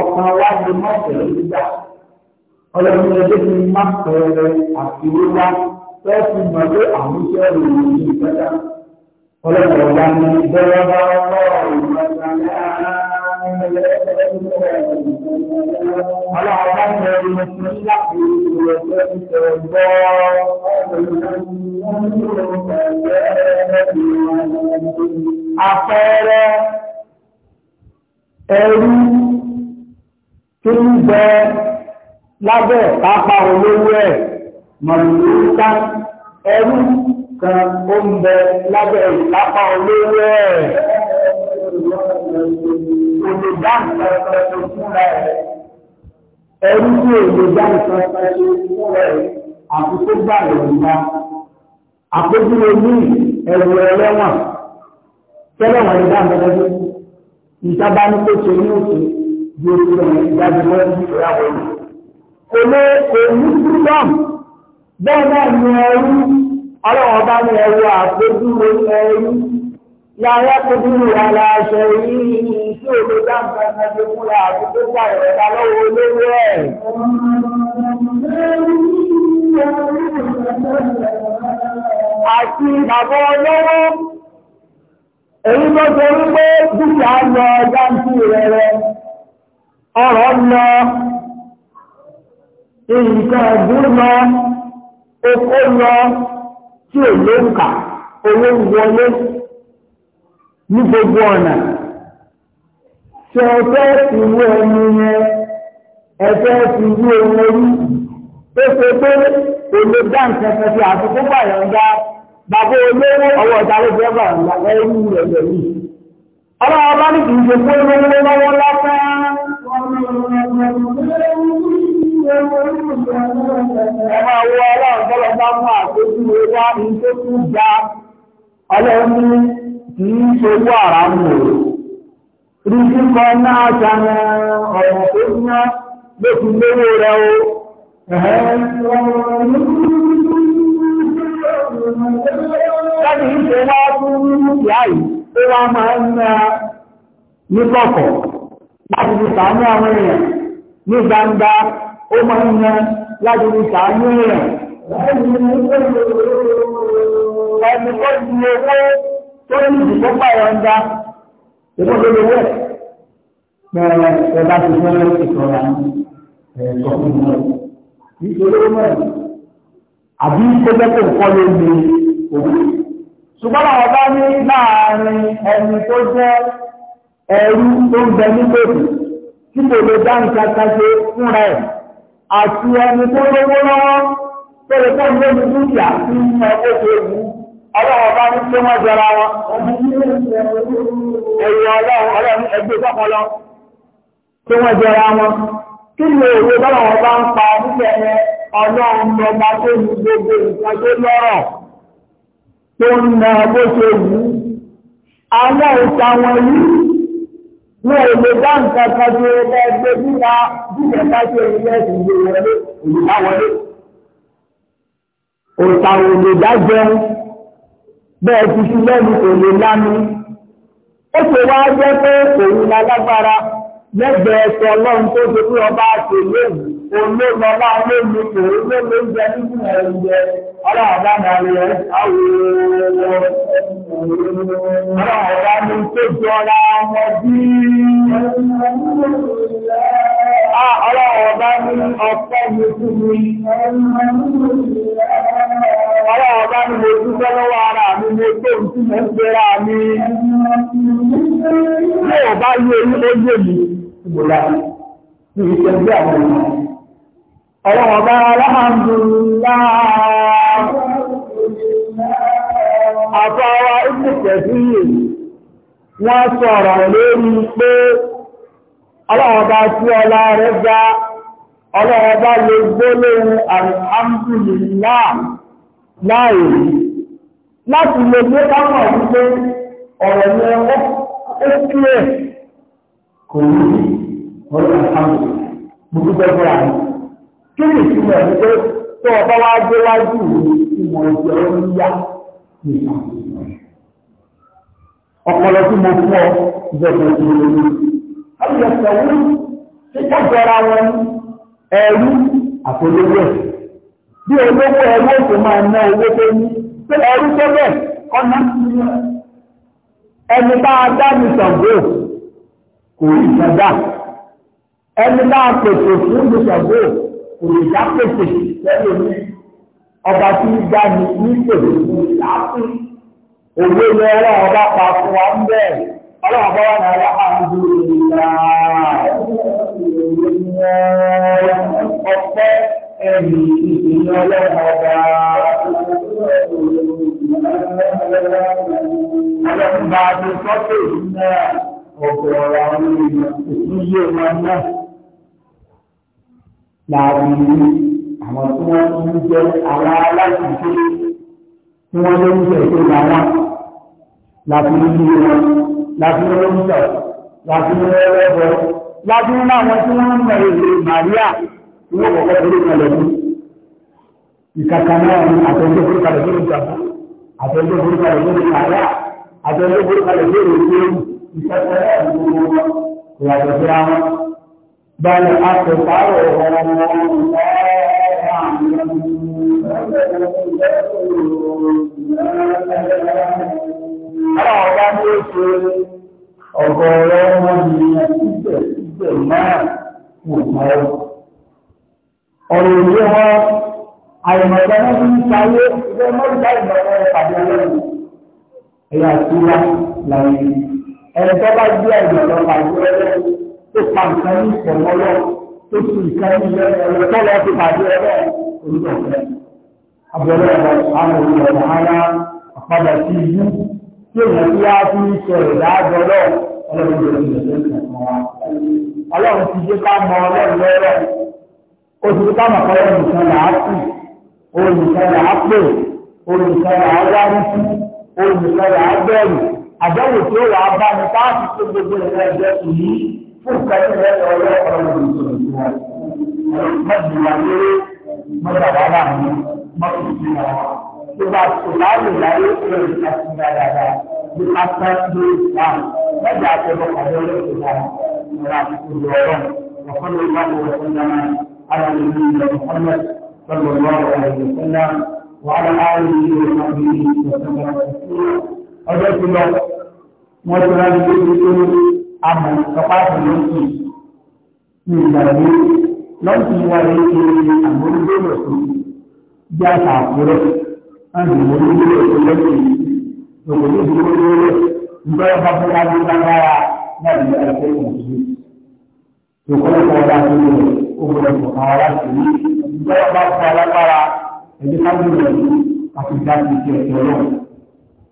ọkàn wa ni mọ́tẹ̀ nígbà ọlọ́run ẹgbẹ́ ti má pẹ̀rẹ̀ àti wíwá fẹ́ fi mọ̀ pé àwọn iṣẹ́ ìròyìn yìí pẹ́ta ọlọ́run ọ̀la ni bẹ́ẹ̀ bá ọlọ́run ọ̀la ni ọlọ́run ọ̀la ni ẹni tí láti ìrọ̀lẹ́ ìṣẹ̀ gbọ́ àpẹẹrẹ ẹrú tí ń bẹ lábẹ́ pápá olówó ẹ̀ mọ̀lúta ẹrú kan ó ń bẹ lábẹ́ pápá olówó ẹ̀ òdòdá nǹkan ẹ̀rú tí òdòdá nǹkan ẹ̀rú fúnra ẹ̀ àti tó gbà lòdìdá àpójú omi ẹ̀rù ẹlẹ́wọ̀n tẹ́lẹ̀wọ̀n ìdá nǹkan ẹ̀rú ìjábá ní kó ṣe ní òṣèlú bí ó ti rẹ̀ ìdájọ́ lọ́wọ́ ní ìyàwó rẹ̀. Kò lè kò ní freedom bẹ́ẹ̀ náà ni ẹrú ọlọ́wọ́ bá ní ẹrú àpéjú ẹrú yàrá kojú ìyàrá aṣọ yìí tí o lè dá nǹkan kan ṣe fúnra àti tó gbà rẹ̀ ta lọ́wọ́ olówó ẹ̀. Àti bàbá ọlọ́wọ́ èyí tó ṣe wípé dúkìá lọ dáńtì rẹ̀ rẹ̀. Ọrọ lọ nǹkan ẹ̀dùn lọ oko lọ tí ò lóǹkà owó wọlé ní gbogbo ọ̀nà tí ẹ̀fẹ́ ti wú ẹni yẹn ẹ̀fẹ́ ti wú ẹni orí tó ṣe pé èlò dáǹtẹ̀ kẹfì àti púpọ̀ ìyọ̀ǹda bàbá olówó ọwọ́ ọ̀dà ló fẹ́ gbà Ọmọ àwọn ọlọ́run tọ́lọ bá mú àkójú ewá ní tó tún já ọlọ́run ní kì í ṣe wà rámù. Rí kíkọ náà ṣàmì ọ̀rọ̀ tó ná ló fi lówó rẹ o. Ṣẹ́ni ìṣẹ́ wá fún ìyá yìí, ó wá máa ń ná ní kọ̀kọ̀ láti fi sàánú àwọn èèyàn ní gbangba ó máa ń yan láti fi sàánú èèyàn. Ẹni tó di owó tó ní ìdìbò pàyọ̀ǹda ìbò lórí owó ẹ̀. Bẹ́ẹ̀ ẹ bá ti fẹ́ ìtọ́ra ẹ̀sọ́ fún mi. Nítorí ó mọ̀ àbí kójọ́pọ̀ nǹkan ló ní òun. Ṣùgbọ́n àwọn bá ní láàárín ẹni tó jẹ́ ẹ̀rú tó ń bẹ nígbèdì tí kò lè dá nǹkan kan ṣe fúnra ẹ̀ àti ẹni tó lówó lọ́wọ́ tó lè kọ́ ìwé ní dúkìá tí ń mọ oṣù ewu ọlọ́wọ́ bá ní tí wọ́n jọra wọn. ẹ̀yìn ọlọ́run ẹgbẹ́ sọ́kọ lọ wọ́n jọra wọn. kí ni òwe bọ́lọ́wọ́ bá ń pa nígbà yẹn ọlọ́run lọ́ba tó ní gbogbo nǹkan tó lọ́rọ̀ tó ń mọ bó ṣe àwọn ìta yìí ní èlé bá nǹkan kan tó ẹgbẹ́ ẹgbẹ́ nípa bíbẹ̀ bá ṣe ilé ẹ̀sìn ìwé wọlé òyìnbá wọlé. Òòtà òòlè dájẹ́ bẹ́ẹ̀ ti fi lẹ́nu òòlè lánú. Ó ṣe wá jẹ́ pé òun lágbára lẹ́gbẹ̀ẹ́ ẹ̀sẹ̀ ọlọ́run tó ṣe pé ọba àti ìléèwé olólọ́lá olómi kò olómi ń jẹ nínú ẹ̀yẹ ọlọ́ọ̀dá máa lè rẹ̀ àwòrán ọlọ́ọ̀dá ní tó jọra wọn bí. Ọlọ́wọ̀ bá ní ọ̀pọ̀ ìlú mi. Ọlọ́wọ̀ bá ní mo dúpẹ́ lọ́wọ́ ara mi mo tó ìtumọ̀ ń gbéra mi. Ní ò bá yé ní ó yé mi, ìgbòlá ní ìṣẹ́gbẹ́ àwọn ọmọ. Ọlọ́wọ̀ bá alhamdulillah. Àfọwọ́ ọlọ́ọ̀bá tí ọlá rẹ̀ já ọlọ́ọ̀bá lè gbólóhùn alhamdulillah láàrí láti lè gbé káwọn wípé ọ̀rọ̀ ní ó kí ẹ̀ kò ní ọ̀rọ̀ alhamdulillah gbogbo gbogbo àmì kí àwùjọ wúrú tí kájọra wọn ẹrú àpolówó ẹ̀ bí olówó ẹrú òkú máa ná owó tó ní pé ẹrú tó bẹ̀ ọ̀nà ẹni bá a dá ní sọ̀gbó kò rí ìjọba ẹni bá a pèsè fún ní sọ̀gbó kò rí ìjà pèsè lẹ́yìn ní ọba tí ń dá ní ní pèsè fún ìlà fún òwe ni ọlọ́run bá pa fún wa ń bẹ̀rẹ̀ ọlọ́run bọ́ wà náà alhamdulilá ọ̀pẹ́ ẹ̀mí ìdílé ọlọ́run ọba. ọlọ́run bá a ti sọ́tò náà ọ̀pọ̀ ọ̀rọ̀ àwọn èèyàn òtún yé wọn náà. Láàrin ní àwọn tí wọ́n ń jẹ́ àwọn aláìsíké tí wọ́n ló ń jẹ́ ìpínlẹ̀ àwọn láti ní yé wọn lábúrẹ́ lọ́sọ̀ lábúrẹ́ lọ́bọ̀ lábúrẹ́ láwọn tí wọ́n ń mọ̀ èrè Màríà tí wọ́n kọ̀kọ́ torí kalẹ̀ mú ìkàkà náà ni àtẹ̀jọ́ burú kalẹ̀ lórí ìjàmbá àtẹ̀jọ́ burú kalẹ̀ lórí Màríà àtẹ̀jọ́ burú kalẹ̀ lórí ìṣẹ́yìn ìkàkà náà ni wọ́n wọ́n kò yàtọ̀ síra wọn báyìí a kò sáré ọ̀rọ̀ Thank you. Aláàbá ní ó ṣe ọ̀gọ̀ọ̀rọ̀ wọn ni síbẹ̀ síbẹ̀ náà wò mọ́. Ọ̀rọ̀ ìwé wọn, àìmọ̀ta wọn ti ń sáyé, ìwé mọ́ta ìmọ̀ta rẹ̀ pàdé ọlọ́run. Ẹ̀yà tí wá láyé. Ẹni tó bá gbé àìmọ̀ta pàdé ọlọ́run tó pa nǹkan ní ìpọ̀mọ́ lọ, tó fi nǹkan ní ẹ̀rọ tó lọ sí pàdé ọlọ́run tí èèyàn tí a fi ń sọ ìdájọ́ náà ọlọ́run ló ń lò sí ìkànnì wa. ọlọ́run ti dé ká mọ ọlọ́run lọ́rọ̀ ó ti dé ká mọ̀ kọ́lọ́ nìkan là á kù olùkan là á pè olùkan là á wárí sí olùkan là bẹ̀rù àbẹ̀wò tí ó wà bá mi káàkiri tó gbogbo ìrìn ẹ̀jẹ̀ kù yìí fún ìkànnì rẹ̀ ọlọ́run ló ń sọ ìkànnì wa. mọ̀jìnlá lérè mọ̀jàwá láàrin mọ̀jìnlá wa ìwà ìbáàlù láyé ìwé ìtàkùnjà dáadáa ní afẹ́lú ìsìlámù lẹ́jà àtẹ̀bọ̀ ọ̀dọ́ lẹ́kọ̀ọ́ ìwà ìṣòro ọ̀rọ̀ ọ̀kan ló bá wọ ọ̀sánná ara ní ìlú Muhammad sọ̀rọ̀ lọ́wọ́ ọ̀rọ̀ ìṣẹ́lá wàhálà àárín ìlú ìwọ̀nbí ìṣẹ̀lẹ̀ ọjọ́ ti lọ wọ́n ti rán ilé tó amọ̀ ìsọpáàtì lọ́sì ní ìgbàgbé lọ́sì wà ní ìṣẹ̀lẹ̀ àmójúgbò lọ́sì bí àṣà àkúrẹ́ láti mọ̀ ní ilé ẹ̀kọ́ lẹ́kọ̀ọ́ lọ́kọ̀ ní ìdílé lórí ìgbà ẹ̀fà fún adé lágbára láti mọ̀ ẹ̀kọ́ ìmọ̀síwé. Lọ́kọ̀ lọ́kọ̀ ọba tó lọ ògbọ́dọ̀ fún àwọn aláṣẹ yìí ìgbà ẹ̀fà fún alágbára ẹ̀dí kájú rẹ̀ àti dáàbì ti ẹ̀kọ́ lọ.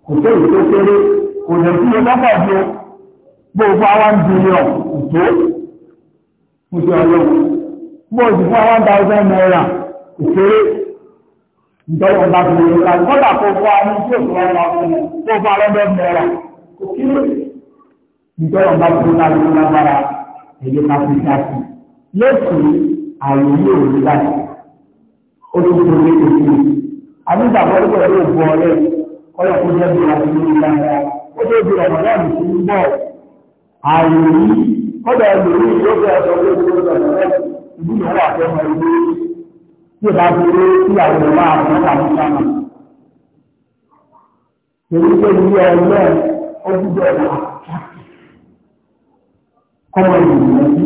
Kò tó ìtó kéré kò lè fi ọgọ́fà ju gbogbo àwọn bílíọ̀n tó mo ti ìjọba bá ti lè ra kọ́dà kó fún wa ní kò kí ló ìjọba lágbára èyí àyè yóò rí láti ó ti tó òkú yóò ọ lẹ́yìn kó jẹ́ ní ìlànà ó tó ń bọ̀ tí ìbá ti rí sí àwọn ọba àwọn àwọn sáà èyí tó ní ẹgbẹ́ ọdúnjẹ ọ̀la kọ́mọ ìgbìmọ̀ sí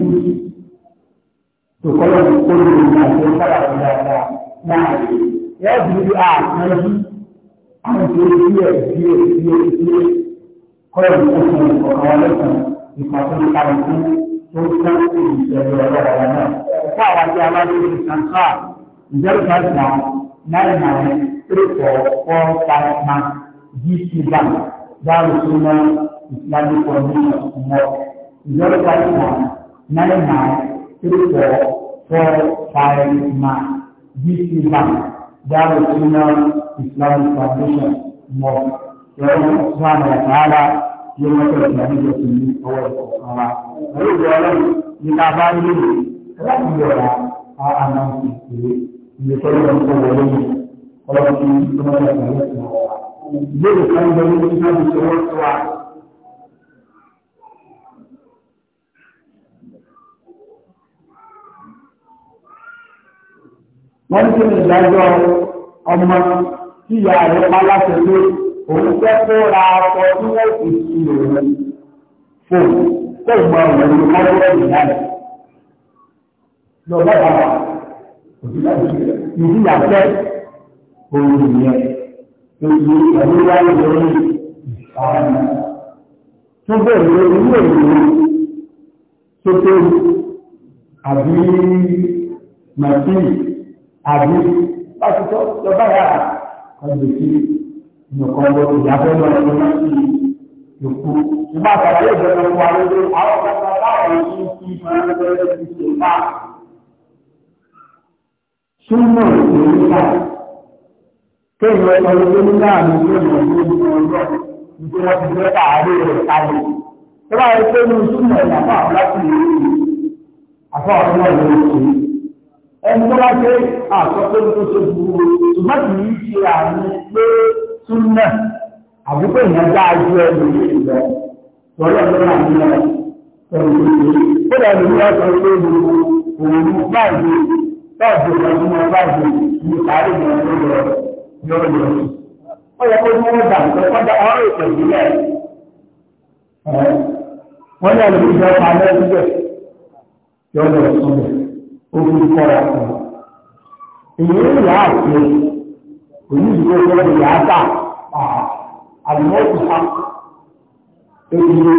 tòkọ́lọ́ tó lè rìn àti ọ̀pára ọ̀dáadáa náà yóò fi rí àkàn yí àwọn tó rí díẹ̀ díẹ̀ díẹ̀ díẹ̀ kọ́lọ̀ tó fún ọ̀rọ̀ ọlọ́sàn ìpàtó ìpàtó tó ń sá ìṣẹ̀lẹ̀ ọ̀rọ̀ náà fún àwọn tí a bá zero five one nine nine three four four five nine GT bank dáhùn súnmọ́ islamic foundation mọ́ zero five one nine nine three four four five nine GT bank dáhùn súnmọ́ islamic foundation mọ́ ìrọ̀lẹ́ sùnmọ́ àyàtàlá yóò wọ́n tẹ̀lé ìgbàlejò sí ọwọ́ ìkọ̀ọ̀kan wa. Olóògbé ọlọ́run ní ká bá ń lè rí láti yọ̀ra àwọn àmọ́ ìpínlẹ̀. يقول لهم قولي ولكن ثم لم يسمع ليه كان بني الإسلام سواء سواء wọ́n ti ní ìdájọ́ ọmọ tí ìyá rẹ̀ pa láti pé òun fẹ́ kó ra ọkọ̀ tí wọ́n fi sí òun fòun tó mọ òun ní ọjọ́ ìyá rẹ̀ lọ́gbọ́n bàbá ìdí àfẹ́ òun nìyẹn èyí ẹ̀mí wáyé lórí ọ̀rọ̀ tó bẹ̀rẹ̀ lórí ìwé ìwé tó tẹ́lú àbí màtíì àbí láti tọ́ lọ́bá yàrá ọdún sí ìnàkọ́ lọ ìyàfẹ́ lọ sí màtíì yòókù ìgbà àtàlẹ́ ìjọba wà lórí àwọn ọ̀gá bàbá àwọn ìṣẹ́ ìṣẹ́ ìṣẹ́ ìṣẹ́ ìṣẹ́ súnmọ̀ ìgbòríkà kéèyàn ọdún tó ní láàrin tó ní ọdún ọjọ́ ìgbé wọn ti gbé àárẹ̀ rẹ̀ kalẹ̀ tó bá yẹ pé ní súnmọ̀ ìyàpá àwọn láti lè rí àfọ àwọn ọmọ ìlú òkè ẹni tó bá ṣe àṣọ pé tó ṣe gbúgbó ṣùgbọ́n kì í ṣe àmì pé súnmọ̀ àbúkọ ìyẹn dá ju ẹni yìí lọ lọ́lọ́ lọ́la ní ọ pẹ̀lú báàbò ìgbàgbọ́ báàbò ní ààrẹ ìgbàgbọ́ yọrọ yọrọ. ó yẹ kó ní wọ́n gbà pé wọ́n dá ọ̀rọ̀ ìpè ìbílẹ̀ wọ́n ní àlejò ìjọ pa lẹ́síbẹ̀ yọrọ yọrọ sọ́dọ̀ ó fi kọ́ra kan. èyí ń yà á ṣe òní ìdílé ọjọ́ ìyá àtà àbúrò ìfà èyí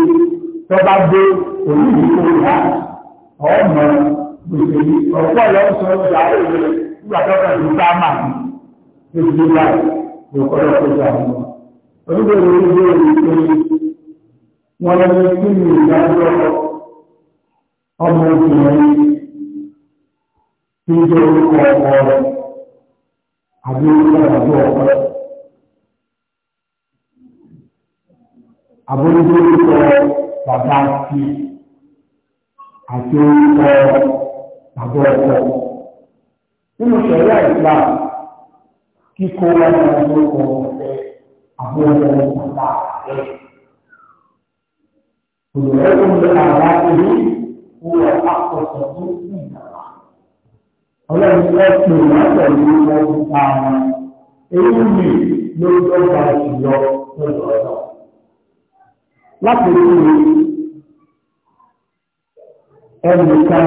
tó bá dé òní ìdílé ìyá ọ̀ọ́mọ gbèsè yìí ọ̀pọ̀ lọ́wọ́ sọ ọjà àìrè nígbà tó kàn sí sáàmà ní gbèsè láì ní ọ̀pọ̀lọ́ kọjá àwọn oníbẹ̀rẹ̀ ilé ìwé wọn lọ ní kí ni ìdájọ́ ọmọ obìnrin tí ń jẹ́ orúkọ ọkọ rẹ̀ àbí orúkọ àbí ọkọ àbójútó orúkọ bàbá àti àti orúkọ àbọ̀ ọ̀pọ̀. Nínú ṣẹ̀rí àìsílá, kíkó wọn ní ọdún ọkọ̀ ọ̀fẹ́ àbọ̀ ọ̀pọ̀ ọ̀pọ̀ àfẹ́. Olùrẹ́ tó ń lọ àwọn akéwì ó wà àkọsọ̀ tó ní ìdàgbà. Ọlọ́run tó pè wọ́n pẹ̀lú ọdún ta wọn. mi ló dọ́gba ìlọ lọ́dọ̀ Láti rí ẹnìkan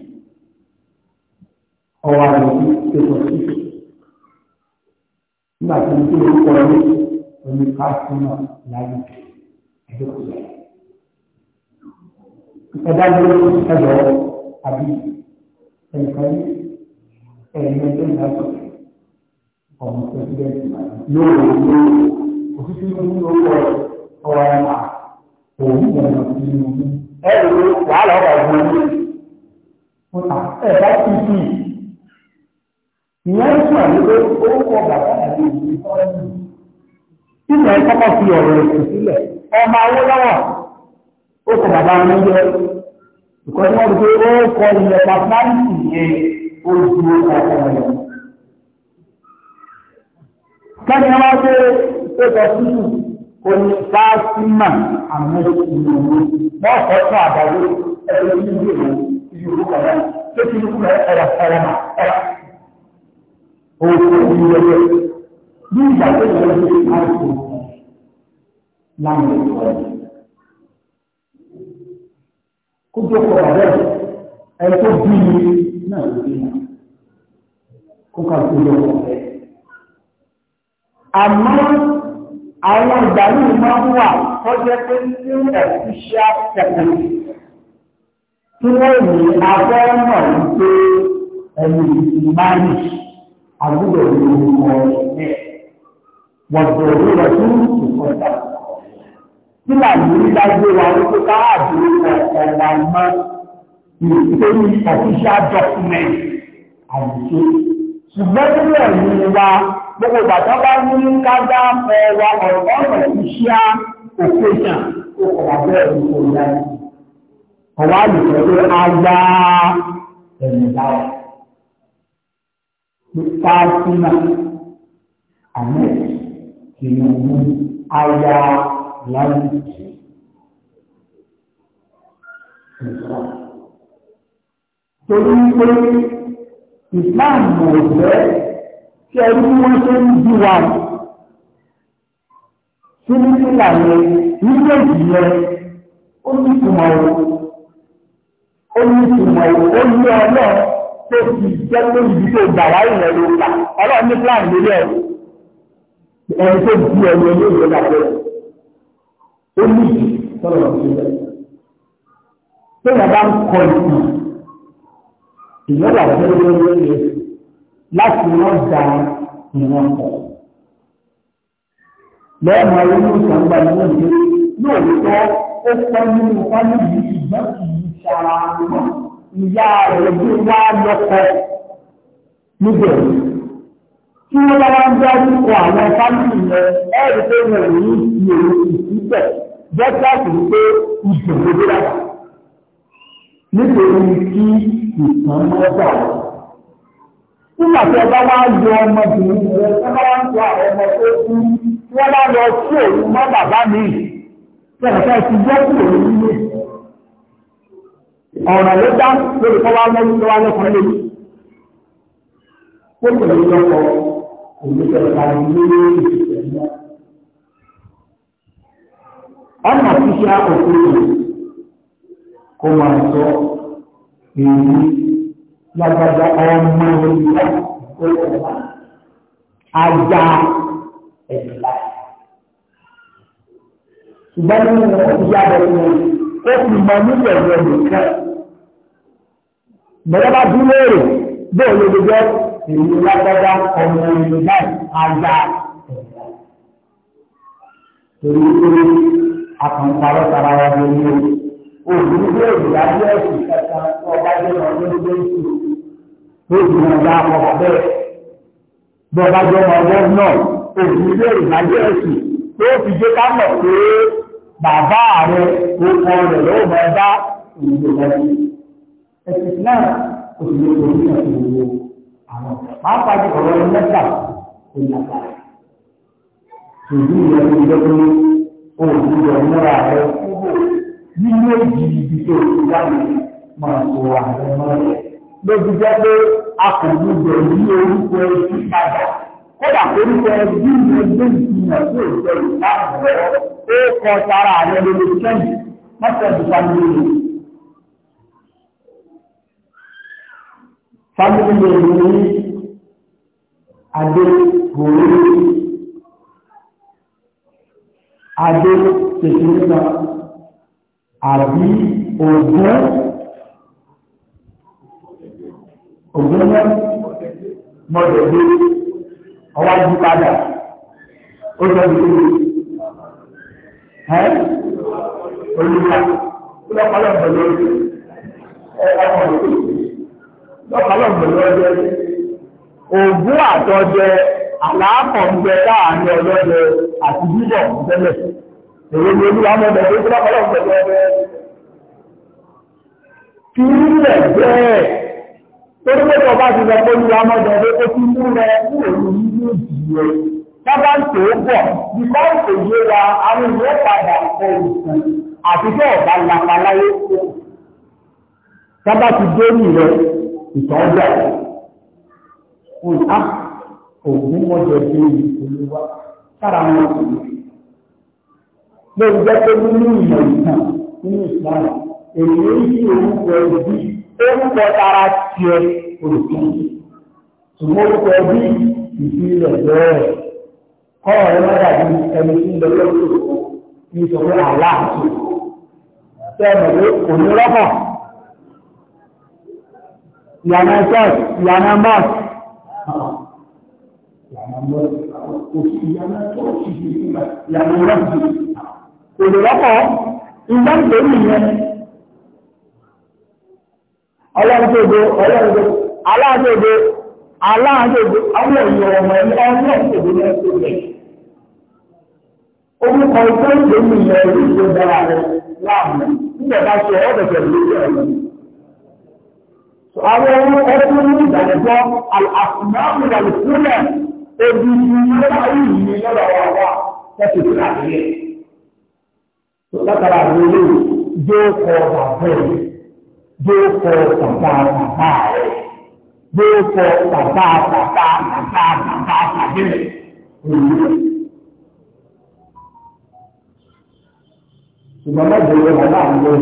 ọwọ́ àlọ́ ìpèsè sísè nígbà tí ní kí ló kọ́ ní omi káfíńà láyé ẹ̀dẹ́kùnrin ẹ̀dá ló ń ẹ̀dọ̀ àbí ẹ̀ka yìí ẹ̀yìn ẹgbẹ́ ìdájọ́ ọ̀hún pẹ̀lúdẹ́ntì lóòrò lóòrò òṣìṣẹ́ ìlú ní orúkọ ọ̀rọ̀ ẹ̀ma òun ìgbàlọ́ sí inú ẹ̀rọ wàhálà ọ̀gá ìgbọ̀n ní ọ̀tà ẹ̀dá tuntun yìí ìyẹn ń sọ wípé orúkọ bàbá àti ìlú ọ̀rẹ́dù ìgbà ìkọ́kọ́ fi ọ̀rọ̀ ẹ̀sìn sílẹ̀ ọmọ awólọ́wọ̀ ó kọ bàbá wọn jẹ́ ìkọ́ tí wọ́n ti pé ó kọ ilẹ̀ pàtàkì yẹn ó ju ọkọ̀ rẹ̀. kẹ́ni wọ́n ṣe pẹ́tọ̀ sísù kò ní fásímà àmọ́ ìlú wọ́n kọ́ tún àdáwó ẹgbẹ́ ìlú ìlú ìlú kọ̀ọ̀rọ̀ tó ti ní kúrẹ́ ẹ̀rọ ẹ̀rọ òkú ìwẹ̀wẹ̀ ní ìgbà tó ń lọ sí àìsàn láàrin ìwọ̀n. Kó tó kọ ọ̀rẹ́ ẹ tó bí mi náà ló bí náà. Kó ká tó lọ ọ̀rẹ́. Àmọ́ àwọn ìgbà yìí máa ń wà ní pé ẹni ìmáyìí àgbúgbò ní orúkọ ẹ̀ wọ́n bẹ̀rẹ̀ lọ sí ìkọjá. Nígbà yìí dájú wa wípé káàdì ọ̀pọ̀ wa mọ́ ìpérí official document àyíké. Ṣùgbọ́n nínú ẹ̀mí wa gbogbo bàtà bá ní kájá fẹ́ wa ọ̀rọ̀ ìṣíà òkèjà tó kọ̀ wá bẹ́ẹ̀ ní kò yá. Ọ̀wá àlùfẹ́ pé a gbá ẹ̀mí lára. Fatima Ahmed Tinubu aya Lawuji. Torí pé Islam mọ̀ ọ̀fẹ́ tí ẹni wọ́n ṣe ń bí wa sínú sílà yẹn nígbà ìyẹn ó ní ìtumọ̀ ó ní ìtumọ̀ ó ní ọlọ́ọ̀ tó ti jẹ́ pé ibi tó gbà wá ìyẹn ló gbà ọlọ́run ní plan lórí ẹ̀ ẹni tó di ẹni ẹni ìwé làbẹ́ ó ní ìtọ́nà ìṣẹ̀lẹ̀ tó yàrá bá ń kọ ìtì ìyẹn wà lórí lórí láti wọ́n da ìwọ̀n pọ̀ lẹ́ẹ̀mọ inú ìsàngbà ni wọ́n gbé lóòótọ́ ó pọ́n nínú fámìlì ìgbà kì í ṣara wọn ìyá rẹ̀ bí wá lọ́kọ̀ níbẹ̀. Tí wọ́n bá wá ń dárúkọ àwọn fámìlì yẹn, ẹ̀rí pé wọ́n rí ìyè ìsíbẹ̀ bẹ́tàkì pé ìbòmọ́ bí lára. Nítorí kí ìtàn mọ́ bà wọ́n. Nígbà tí ọba wá ń yọ ọmọbìnrin rẹ̀, wọ́n bá wá ń yọ àwọn ọmọ tó kú, wọ́n bá lọ sí òun mọ́ bàbá mi. Ṣé ẹ̀ka ti yọ kúrò nílé? ọ̀rọ̀ ló dá lórí kọ́ wá lọ́wọ́ tó wá lọ́kùnrin lè kó pẹ̀lú lọ́kọ̀ òmìnira ìpàdé lórí ìṣẹ̀lẹ̀ ọ̀nà ṣíṣe òkú rẹ̀ kó máa sọ èyí lágbàdá ọmọ ìlú ìkọ́kọ̀ọ́ ajá ẹ̀dùn láì ṣùgbọ́n nínú ọ̀ṣíṣẹ́ abẹ́rẹ́ ó fi mọ nílẹ̀ ẹ̀rọ nìkan bẹ̀rẹ̀ bá dúró rè bẹ́ẹ̀ ló gbogbo èyí lágbádá ọmọ ìlú náà ajá torí pé àkànṣàrọ̀ tara wa ló ní o òbí pé ìdájọ́ ẹ̀sìn kẹta ọba jẹ́ ọdún ló ń sùn ó sì bàbá rẹ̀ orúkọ rẹ̀ lọ́wọ́ máa bá òwúrò lọ́wọ́. Ẹ̀sìn náà kò sì lè borí náà tó wo àwọn máa pàdé ọ̀rọ̀ mẹ́ta kò ní àgbà. Ìlú ìyẹn ti jẹ́ pé òòlù rẹ̀ múra rẹ̀ kúrò nínú èjì ibi tó ti wá ní máa tó ààrẹ mọ́lẹ̀. Lójú jẹ́ pé a kò gbúdọ̀ yí orúkọ ẹbí padà. Kódà orúkọ ẹbí ni ẹgbẹ́ ìgbìmọ̀ tó ìjọ ó kọ sára rẹ̀ lórí kẹ́yìn mọ́tò ìdúpá lórí. Fábílì lè ní adé òwe adé kékeré náà àbí ògùn ògùn náà ọwájú padà ó lọ ẹ́ olùwà lọ́pàá lọ́pàá lọ́pàá lọ́pàá Ògún àtọ́jẹ àlàápọ̀ ń bẹ láàrin ọlọ́dẹ àti bíbọ̀ tẹ́lẹ̀. Èrò ni olúwa mọ́bẹ̀ tó lọ́pàá lọ́pàá lọ́pàá. Kí rẹ̀ tó rí ti bábá ń tòó bọ̀ nípa ìtòyé wa àwọn ènìyàn padà ẹ̀ ìsìn àti tó ọ̀bá lápá láyé tó. Bábá ti dé ní rẹ̀ ìtàn bẹ̀. Nǹkan ah, ògùn mọ́jọ dé ìpolówó wa sára wọn sì. Lórí jẹ́ pé nínú ìmọ̀ ìtàn nínú ìsìlámù, èyí ń fi orúkọ ẹbí orúkọ tara tiẹ̀ olùkọ́. Ṣùgbọ́n orúkọ ẹbí ìfilẹ̀ bẹ́ẹ̀ kọ́rọ̀ rẹ má dàbí ẹni tí ń lọ lọ́sọ̀ ní sọ pé àláàtì tẹ́ ẹ mọ̀ pé kò ní rọ́pọ̀ ìyànà ṣọ́ọ̀ṣì ìyànà mọ́ọ̀ṣì ìyànà mọ́ọ̀ṣì òṣì ìyànà ṣọ́ọ̀ṣì ìyànà mọ́ọ̀ṣì kò ní rọ́pọ̀ ìgbà ń pèmí yẹn ọlọ́run tó do ọlọ́run tó aláàtò aláàgbègbè àwọn èèyàn ọmọ ẹni ọmọ ìṣèlú náà tó lẹ̀. orúkọ ikú ìṣe mi yẹ orí ìṣe dára rẹ láàmú nígbà bá ṣe ọ̀dọ̀dọ̀ lórí ọ̀rọ̀ àwọn ohun ẹkún ní ìdàgbọ́ àfùnáàmù àlùkúlẹ̀ ebi ní lọ́wọ́ yìí ní lọ́wọ́ wá tẹ́sí ìlú àgbẹ̀. látara àwọn olóyè yóò kọ bàbá rẹ̀ yóò kọ bàbá bàbá rẹ̀ yóò kọ bàbá bàbá bàbá bàbá bàbá òwú. ṣùgbọ́n má jẹ́ ìwé bàbá àwọn ọ̀rọ̀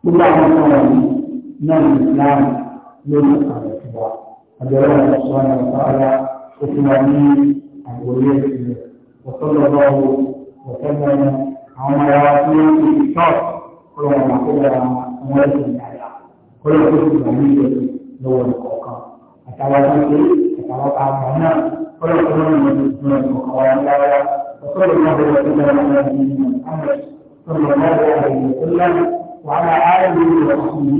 gbogbo àwọn ọ̀rọ̀ náà ní islam lórí àwọn ìṣúná àjọyọ̀ ọ̀ṣọ́ ní ọ̀sára ó fún wa ní àgbòyé ìṣẹ̀lẹ̀ ọ̀sọ́dọ̀dọ̀ ọ̀sọ́dọ̀ àwọn ará tí ó ti sọ́ọ̀ ọ̀rọ̀ àwọn àkókò àwọn ẹ̀sìn kọ́lọ́ tó ti wà ní ilé lọ́wọ́ ìkọ̀ọ̀kan àtàwọn tó ń ṣe àtàwọn tó àmọ́ náà kọ́lọ́ tó ń lọ sí ìdúró ìkọ̀ọ̀kan wa ńláńlá وصلى الله وسلم على نبينا محمد صلى الله عليه وسلم وعلى اله وصحبه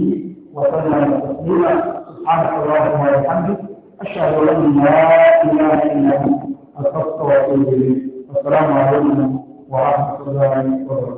وسلم تسليما سبحانك اللهم وبحمدك اشهد ان لا اله الا انت استغفرك واتوب اليك والسلام عليكم ورحمه الله وبركاته